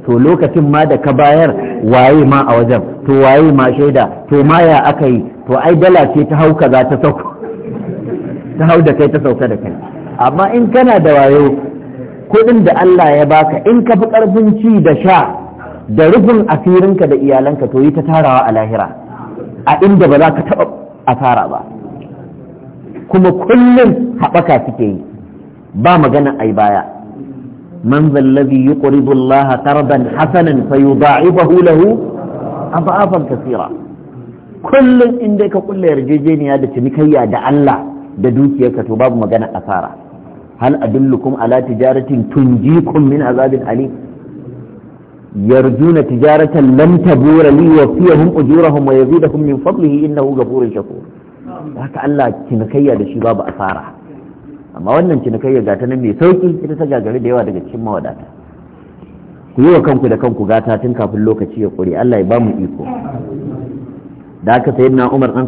to lokacin ma da ka bayar waye ma a wajen to waye ma shaida to ma ya aka yi to ai dala ce ta hau kaza ta sauka *laughs* ta hau da kai ta sauka da kai amma in kana da wayo kuɗin da Allah ya baka in ka fi ƙarfin ci da sha da rufin asirinka da iyalanka to yi ta tarawa a lahira a inda ba za ka taɓa asara ba kuma kullum haɓaka suke yi ba magana ai baya man zallabi yuqridu Allah qardan hasanan fayudha'ibahu lahu adhafan kaseera kullum in dai ka kulle yarjejeniya da cinikayya da Allah da dukiyarka to babu magana asara hal adullukum ala tijaratin tunjikum min azabin alim يرجون تجارة لم تبور لي وفيهم أجورهم ويزيدهم من فضله إنه غفور شكور haka Allah cinikayya da shi babu asara amma wannan cinikayya ga ta nan mai sauki ita ta gagari da yawa daga cikin mawadata ku yi wa kanku da kanku gata tun kafin lokaci ya kure Allah ya ba mu iko da aka sayi na Umar an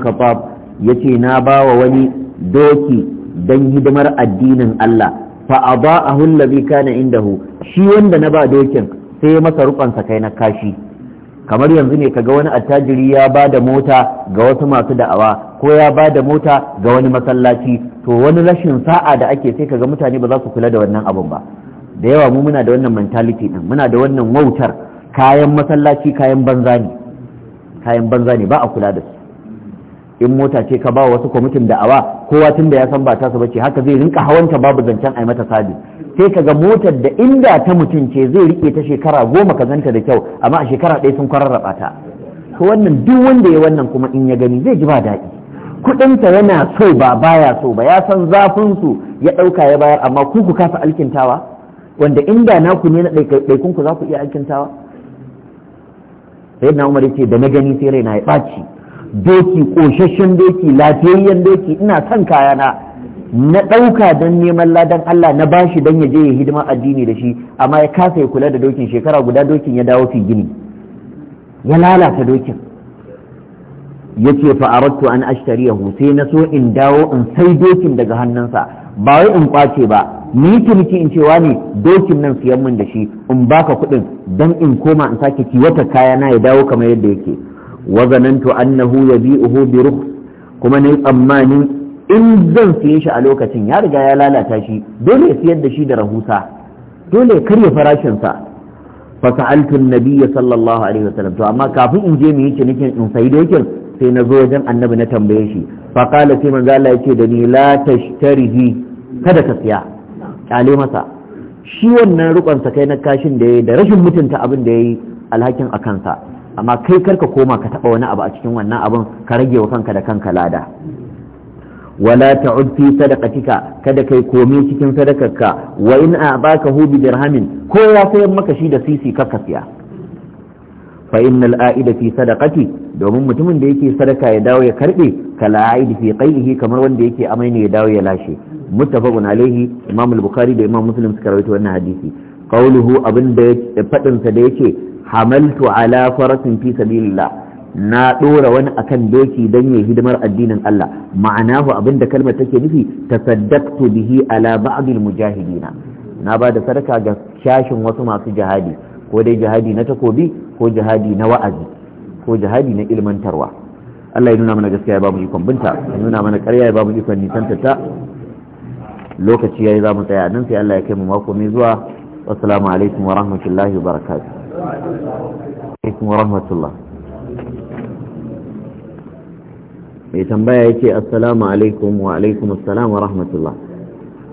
ya ce na ba wa wani doki don hidimar addinin Allah fa a ba a hullabi kana indahu shi wanda na ba dokin sai masa rufansa kai na kashi kamar yanzu ne kaga wani attajiri ya ba da mota ga wasu masu da'awa ko ya ba da mota ga wani masallaci to wani rashin sa'a da ake sai kaga mutane ba za su kula da wannan abun ba da yawa mu muna da wannan mentality din muna da wannan wautar kayan masallaci kayan banza ne kayan banza ne ba a kula da su in mota ce ka ba wasu kwamitin da awa kowa tun da ya san ba ta su bace haka zai rinka hawanta babu zancen yi mata sabi sai kaga motar da inda ta mutum ce zai rike ta shekara goma ka ganta da kyau amma a shekara ɗaya sun kwararraba ta to wannan duk wanda ya wannan kuma in ya gani zai ji ba daɗi kudinsa yana so ba baya so ba ya san zafin su ya ɗauka ya bayar amma ku ku kasa alkintawa wanda inda naku ne na ɗaikunku za ku iya alkintawa sayyidina umar yace da na gani sai raina ya ɓaci doki ƙoshashen doki lafiyayyen doki ina son kayana na ɗauka don neman ladan Allah na bashi don ya je ya hidima addini da shi amma ya kasa ya kula da dokin shekara guda dokin ya dawo fi gini ya lalata dokin yace fa aradtu an ashtariyahu sai na so in dawo in sai dokin daga hannunsa ba wai in kwace ba ni ciniki in cewa ne dokin nan siyan min da shi in baka kuɗin dan in koma in sake kiwata kaya na ya dawo kamar yadda yake wa zanantu annahu yabi'uhu bi biruk kuma nayi tsammanin in zan siye shi a lokacin ya riga ya lalata shi dole ya siyar da shi da rahusa dole ya karya farashinsa fasa'altu nabiyya sallallahu alaihi wasallam to amma kafin in je mu yi cinikin in sai dokin sai na zo wajen annabi na tambaye shi fa sai manzo Allah yace da ni la tashtarihi kada ka siya kyale masa shi wannan rukon sa kai na kashin da yayi da rashin mutunta abin da yayi alhakin a kansa amma kai karka koma ka taba wani abu a cikin wannan abin ka rage wa kanka da kanka lada wala ta'ud fi sadaqatika kada kai komai cikin sadakarka wa in a'baka hu bi dirhamin ko ya sayar maka shi da sisi ka siya fa innal a'ida fi sadaqati domin mutumin da yake sadaka ya dawo ya karbe kala a'id fi qaihi kamar wanda yake amai ne ya dawo ya lashe muttafaqun alaihi imam al-bukhari da imam muslim suka rawaito wannan hadisi qawluhu abin da fadin sa da yake hamaltu ala farasin fi sabilillah na dora wani akan doki dan yayi hidimar addinin Allah ma'anahu abin da kalmar take nufi tasaddaqtu bihi ala ba'd al-mujahidina na ba da sadaka ga shashin wasu masu jihadi ko dai jihadi na takobi ko jihadi na wa'azi ko jihadi na ilmantarwa Allah ya nuna mana gaskiya ya ba mu ikon binta ya nuna mana karya ya ba mu ikon nisanta ta lokaci yayi za mu tsaya nan sai Allah ya kai mu mako mai zuwa wassalamu alaikum wa rahmatullahi wa barakatuh alaikum wa rahmatullah mai tambaya yake assalamu alaikum wa alaikum assalam wa rahmatullah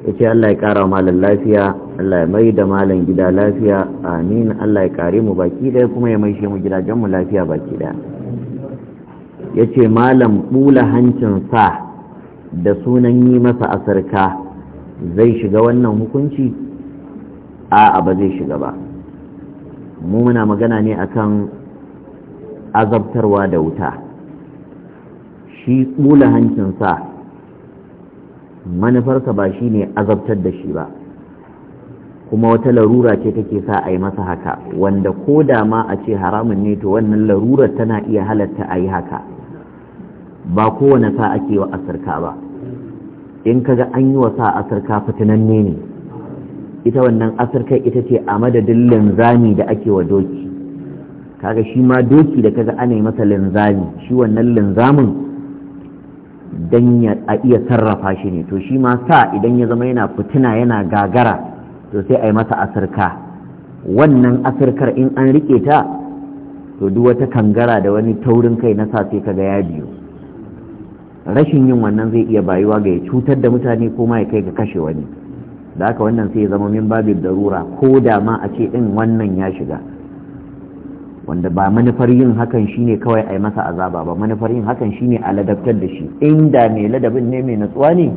ya ce Allah ya ƙara malam lafiya Allah ya mai da malam gida lafiya amin Allah ya kare mu baki ɗaya kuma ya maishe mu gidajenmu lafiya baki ɗaya ya ce malam ɓula hancin sa da sunan yi masa asarka zai shiga wannan hukunci a'a ba zai shiga ba mu muna magana ne akan azabtarwa da wuta shi ɓula hancin sa manufarsa ba shi ne azabtar da shi ba kuma wata larura ce take sa a yi masa haka wanda ko da ma a ce haramun ne to wannan larurar tana iya halatta a yi haka ba kowane sa ake wa asirka ba in kaga an yi wa sa asirka fitinanne ne ita wannan asirka ita ce a madadin linzami da ake wa doki kaga shi ma doki da kaga ana yi masa linzami shi wannan linzamin don a iya sarrafa shi ne to shi ma sa idan ya zama yana fitina yana gagara to sai a yi masa asirka wannan asirkar in an rike ta to duk wata kangara da wani taurin kai na sa sai kaga ya biyu rashin yin wannan zai iya bayuwa ga ya cutar da mutane ko ma ya kai ga kashe wani da haka wannan sai ya zama min babin darura ko da ma a ce din wannan ya shiga wanda ba manufar yin hakan shine kawai a yi masa azaba ba manufar yin hakan shine a ladabtar da shi inda mai ladabin ne mai natsuwa ne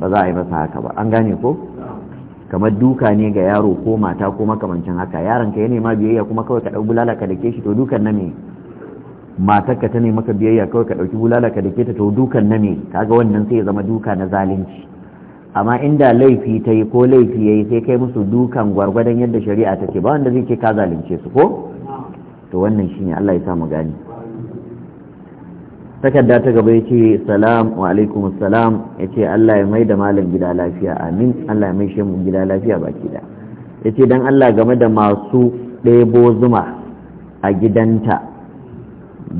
ba za a yi masa haka ba an gane ko kamar duka ne ga yaro ko mata ko makamancin haka yaron ka ya nema biyayya kuma kawai ka dauki bulala ka dake shi to dukan na me matar ka ta nema ka biyayya kawai ka dauki bulala ka dake ta to dukan na me kaga wannan sai ya zama duka na zalunci amma inda laifi ta yi ko laifi ya yi sai kai musu dukan gwargwadon yadda shari'a ta ce ba wanda zai ke ka zalunce su ko to wannan shine Allah ya sa mu gani takarda ta gaba yace salam wa alaikum assalam yace Allah ya mai da malam gida lafiya amin Allah ya mai shi mu gida lafiya baki da yace dan Allah game da masu ɗebo zuma a gidanta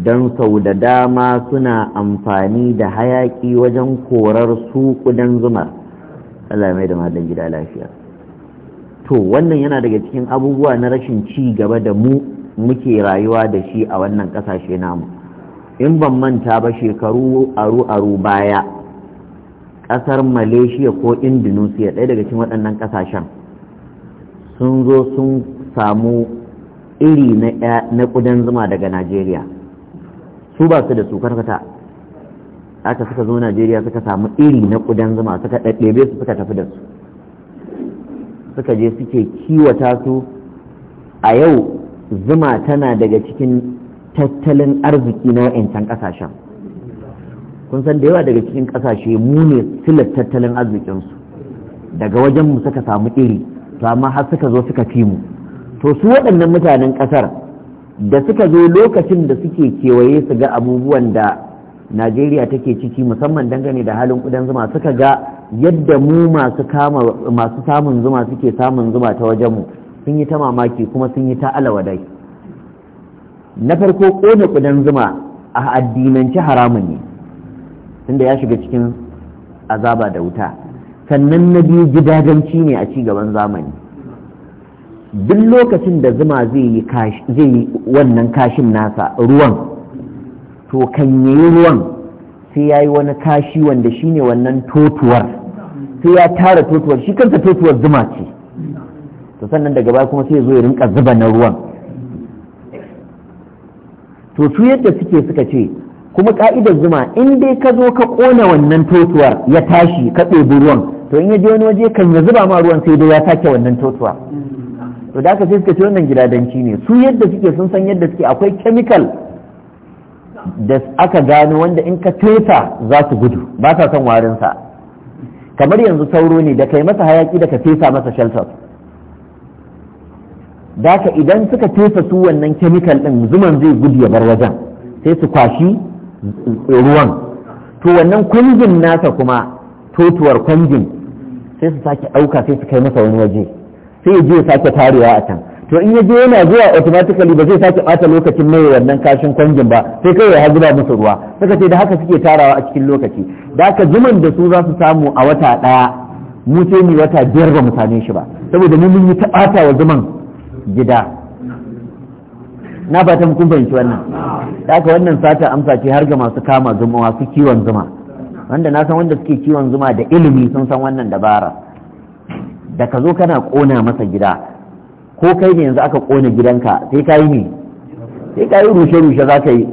don sau da dama suna amfani da hayaki wajen korar su kudan zumar Allah mai da malam gida lafiya to wannan yana daga cikin abubuwa na rashin ci gaba da mu muke rayuwa da shi a wannan ƙasashe namu in ban manta ba shekaru aru-aru baya ƙasar malaysia ko indonesia ɗaya daga cikin waɗannan ƙasashen sun zo sun samu iri na ƙudan zuma daga najeriya su ba su da su karkata aka suka zo najeriya suka samu iri na ƙudan zuma suka ɗaɗɗebe su suka tafi da su suka je suke kiwata su a yau zuma tana daga cikin tattalin arziki na wa'ancan ƙasashen kun san da yawa daga cikin ƙasashe mu ne silar tattalin arzikinsu daga wajen mu suka samu iri to amma har suka zo suka fi mu to su waɗannan mutanen ƙasar da suka zo lokacin da suke kewaye su ga abubuwan da najeriya take ciki musamman dangane da halin ƙudan zuma suka ga yadda mu masu samun zuma suke samun zuma ta wajen mu sun yi ta mamaki kuma sun yi ta alawadai na farko kone kudan zuma a addinance haramun ne tunda ya shiga cikin azaba da wuta sannan na biyu gidajenci ne a ci gaban zamani duk lokacin da zuma zai yi wannan kashin nasa ruwan to kan yi ruwan sai ya yi wani kashi wanda shine wannan totuwar sai ya tara totuwar shi kansa totuwar zuma ce to sannan daga baya kuma sai zo ya rinka zuba na ruwan to su yadda suke suka ce kuma ka'idar zuma in dai ka zo ka kona wannan totuwar ya tashi ka ɗebi ruwan to in ya je wani waje kan ya zuba ma ruwan sai dai ya sake wannan totuwa to da aka sai suka ce wannan gidadanci ne su yadda suke sun san yadda suke akwai chemical da aka gano wanda in ka fesa za su gudu ba sa son warinsa kamar yanzu sauro ne da kai masa hayaki da ka fesa masa shelter daka idan suka tesa su wannan kemikal ɗin zuman zai gudu ya bar wajen sai su kwashi ruwan to wannan kwangin nasa kuma totuwar kwangin sai su sake ɗauka sai su kai masa wani waje sai ya je ya sake tarewa a can to in ya je yana zuwa automatically ba zai sake ɓata lokacin mai wannan kashin kwangin ba sai kai ya hazura musu ruwa suka ce da haka suke tarawa a cikin lokaci daka zuman da su za su samu a wata ɗaya mu sai mu wata biyar ba mu same shi ba saboda mu mun yi ta ɓata wa zuman gida na ba ta kun fahimci wannan haka wannan sata amsa ce har ga masu kama zuma masu kiwon zuma wanda na san wanda suke kiwon zuma da ilimi sun san wannan dabara da ka zo kana kona masa gida ko kai ne yanzu aka kona gidanka sai ka yi ne sai ka yi rushe-rushe za ka yi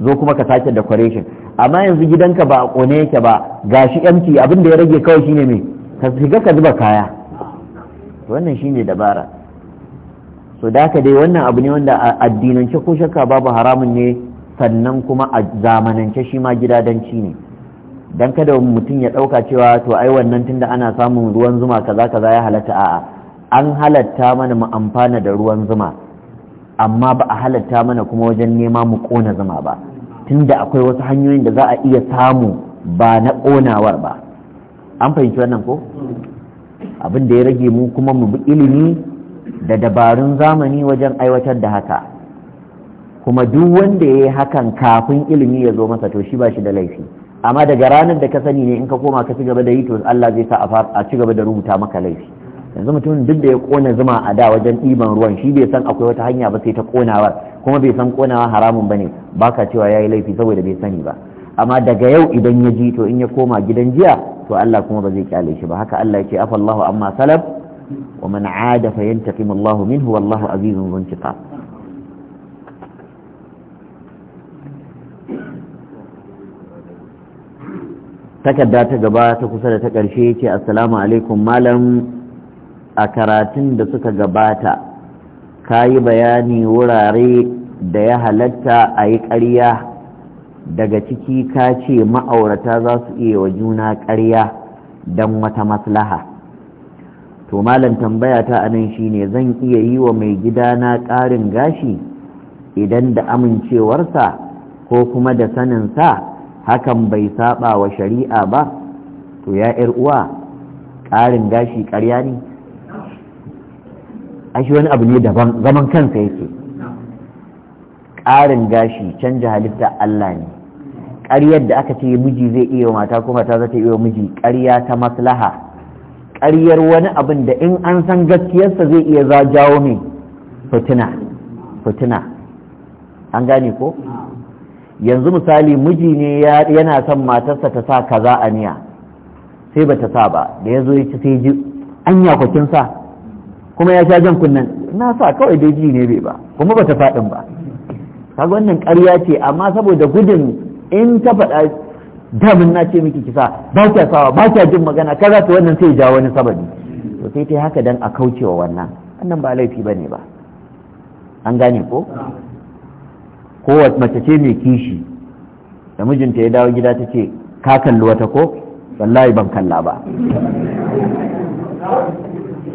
zo kuma ka sake decoration amma yanzu gidanka ba a kone yake ba gashi empty abin da ya rage kawai shine mai ka shiga ka zuba kaya wannan shine dabara so da haka dai wannan abu ne wanda addinance ko shakka babu haramun ne sannan kuma a zamanance shi ma gidadanci ne dan kada mutum ya ɗauka cewa to ai wannan tunda ana samun ruwan zuma kaza kaza ya halatta a'a an halatta mana mu amfana da ruwan zuma amma ba a halatta mana kuma wajen nema mu kona zuma ba tunda akwai wasu hanyoyin da za a iya samu ba na konawar ba an fahimci wannan ko abin da ya rage mu kuma mu bi ilimi da dabarun zamani wajen aiwatar da haka kuma duk wanda ya yi hakan kafin ilimi ya zo masa to shi ba shi da laifi amma daga ranar da ka sani ne in ka koma ka ci gaba da yi to Allah zai sa a ci gaba da rubuta maka laifi yanzu mutumin duk da ya kona zuma a da wajen ɗiban ruwan shi bai san akwai wata hanya ba sai ta konawar kuma bai san konawa haramun ba bane baka cewa yayi laifi saboda bai sani ba amma daga yau idan ya ji to in ya koma gidan jiya to Allah kuma ba zai kyale shi ba haka Allah ya ce afallahu amma salaf ومن عاد فينتقم الله منه والله عزيز ذو انتقام takarda ta gaba ta kusa da ta ƙarshe ce assalamu alaikum malam a karatun da suka gabata ka yi bayani wurare da ya halatta a yi ƙarya daga ciki ka ce ma'aurata za su iya wa juna ƙarya don wata maslaha to malam tambaya ta anan shine zan iya yi wa mai gidana ƙarin gashi idan da amincewarsa ko kuma da saninsa hakan bai saba wa shari'a ba to ya ‘yar uwa ƙarin gashi ƙarya ne Ashe wani abu ne daban zaman kansa yake ƙarin gashi canja halitta Allah ne ƙaryar da aka ce miji zai iya mata kuma ta zata iya miji ƙarya ta maslaha ƙaryar wani abin da in an san gaskiyarsa zai iya za jawo mai fitina fitina an gane ko yanzu misali miji ne yana son matarsa ta sa kaza a niya sai ba ta sa ba da ya zo ya ci sai ji anya kwakin sa kuma ya sha jan kunnen na sa kawai dai ji ne bai ba kuma ba ta faɗin ba kaga wannan ƙarya ce amma saboda gudun in ta faɗa damin na ce miki kisa ba kya sawa ba kya jin magana kaza to wannan sai ja wani sababi to sai ta haka dan a kaucewa wannan wannan ba laifi bane ba an gane ko ko mace ce mai kishi da mijinta ya dawo gida ta ce ka kalli wata ko wallahi ban kalla ba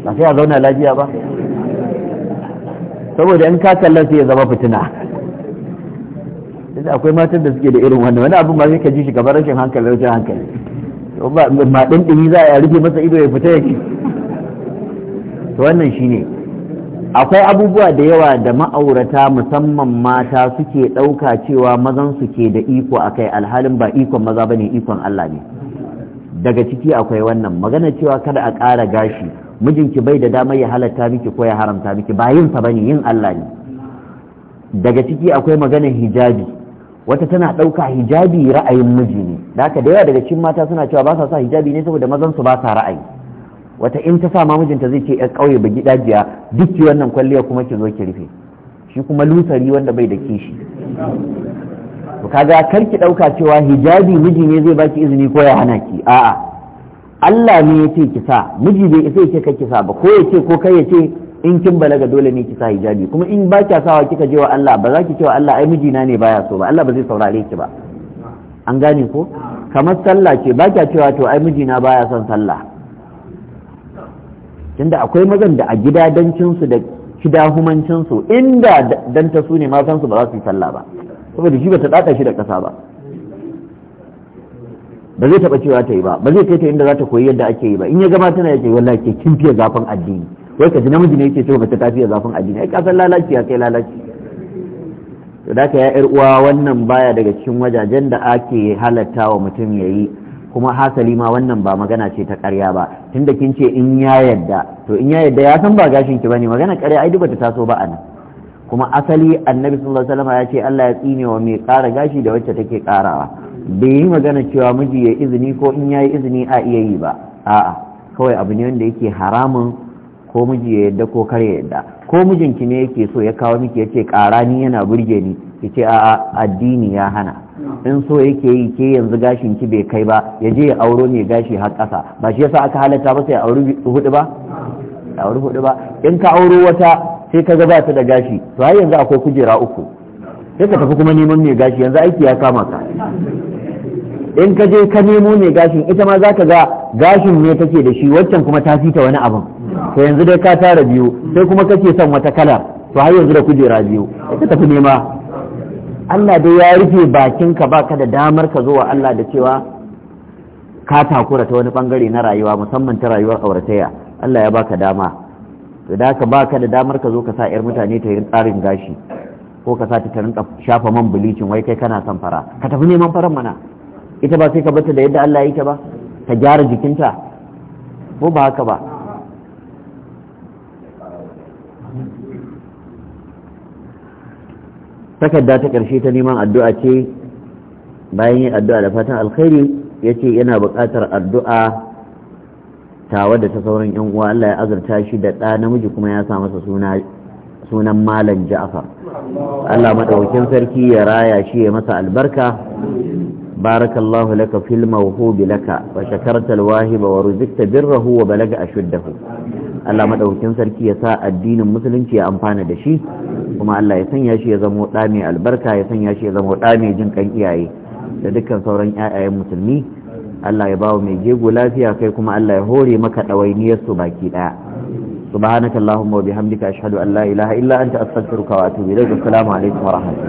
ba sai a zauna lafiya ba saboda in ka kalla sai ya zama fitina da akwai matan da suke da irin wannan wani abin ba zai ka ji shi gaba rashin hankali rashin hankali to ma ɗin ɗini za a rufe masa ido ya fita ya ci to wannan shine akwai abubuwa da yawa da ma'aurata musamman mata suke ɗauka cewa mazan su ke da iko akai alhalin ba ikon maza bane ikon Allah ne daga ciki akwai wannan magana cewa kada a ƙara gashi mijinki bai da damar ya halatta miki ko ya haramta miki ba yin sa bane yin Allah ne daga ciki akwai magana hijabi wata tana ɗauka hijabi ra'ayin miji ne da haka da yawa daga cikin mata suna cewa ba sa sa hijabi ne saboda mazan su ba sa ra'ayi wata in ta sa ma mijinta zai ce yar ƙauye ba jiya duk dukki wannan kwalliya kuma ki zo ki rufe shi kuma lusari wanda bai da kishi to kaga kar ki ɗauka cewa hijabi miji ne zai baki izini ko ya hana ki a'a Allah ne ya ce ki sa miji bai isa ya ce ka ki sa ba ko ya ce ko kai ya ce in kin balaga dole ne ki sa hijabi kuma in ba kya sawa kika je wa Allah ba za ki ce wa Allah ai mijina ne baya so ba Allah ba zai saurare ki ba an gane ko kamar sallah ce ba kya cewa to ai mijina baya son sallah tunda akwai mazan da a gidadancinsu su da kidahumancin su inda dan ta su ne ma san su ba za su yi sallah ba saboda shi ba ta tsaka shi da kasa ba ba zai taba cewa ta yi ba ba zai kai ta inda za ta koyi yadda ake yi ba in ya gama tana yake wallahi ke kin fiye zafin addini wai ka ji namiji ne yake cewa mace ta fiye zafin addini ai kasan lalaci ya kai lalaci to da ka ya yar uwa wannan baya daga cikin wajajen da ake halatta wa mutum ya yi kuma hasali ma wannan ba magana ce ta ƙarya ba tunda kin ce in ya yadda to in ya yadda ya san ba gashin ki bane magana karya ai bata taso ba anan kuma asali annabi sallallahu alaihi wasallam ya ce Allah ya tsine wa mai kara gashi da wacce take karawa bai yi magana cewa miji ya izini ko in ya yi izini a iya yi ba a'a kawai abu ne wanda yake haramun ko miji ya yadda ko kare yadda ko mijinki ne yake so ya kawo miki yace ƙara ni yana burge ni ce a addini ya hana in so yake yi ke yanzu gashin ki bai kai ba ya je ya auro ne gashi har ƙasa ba shi yasa aka halatta ba sai auri hudu ba auri hudu ba in ka auro wata sai ka ga ba da gashi to har yanzu akwai kujera uku sai ka tafi kuma neman mai gashi yanzu aiki ya kama ka in ka je ka nemo mai gashin ita ma za ka ga gashin ne take da shi waccan kuma ta fita wani abin to yanzu dai ka tara biyu sai kuma kake son wata kala to har yanzu da kujera biyu ka tafi nema Allah dai ya rufe bakinka baka da damar ka zo wa Allah da cewa ka takura ta wani bangare na rayuwa musamman ta rayuwar auratayya Allah ya baka dama to da ka baka da damar ka zo ka sa 'yar mutane ta yi tsarin gashi ko ka sa ta rinka shafa man bilicin wai kai kana son fara ka tafi neman faran mana ita ba sai ka bata da yadda Allah ya yi ta ba ka gyara jikinta ko ba haka ba takarda ta ƙarshe ta neman addu'a ce bayan yin addu'a da fatan alkhairi ya ce yana buƙatar addu'a tawa da ta sauran yan uwa Allah ya azurta shi da ɗa namiji kuma ya sa masa sunan malam ja'far Allah maɗaukin sarki ya raya shi ya masa albarka barakallahu laka fil mawhubi laka wa shakarta alwahiba wa ruzikta birrahu wa balaga ashuddahu Allah madaukakin sarki ya sa addinin musulunci ya amfana da shi kuma Allah ya sanya shi ya zama ɗa mai albarka ya sanya shi ya zama ɗa mai jin kan iyaye da dukkan sauran ƴaƴayen musulmi Allah ya bawa mai jego lafiya kai kuma Allah ya hore maka ɗawainiyar su baki ɗaya subhanakallahumma wa bihamdika ashhadu an la ilaha illa anta astaghfiruka wa atubu ilaik assalamu alaikum wa rahmatullahi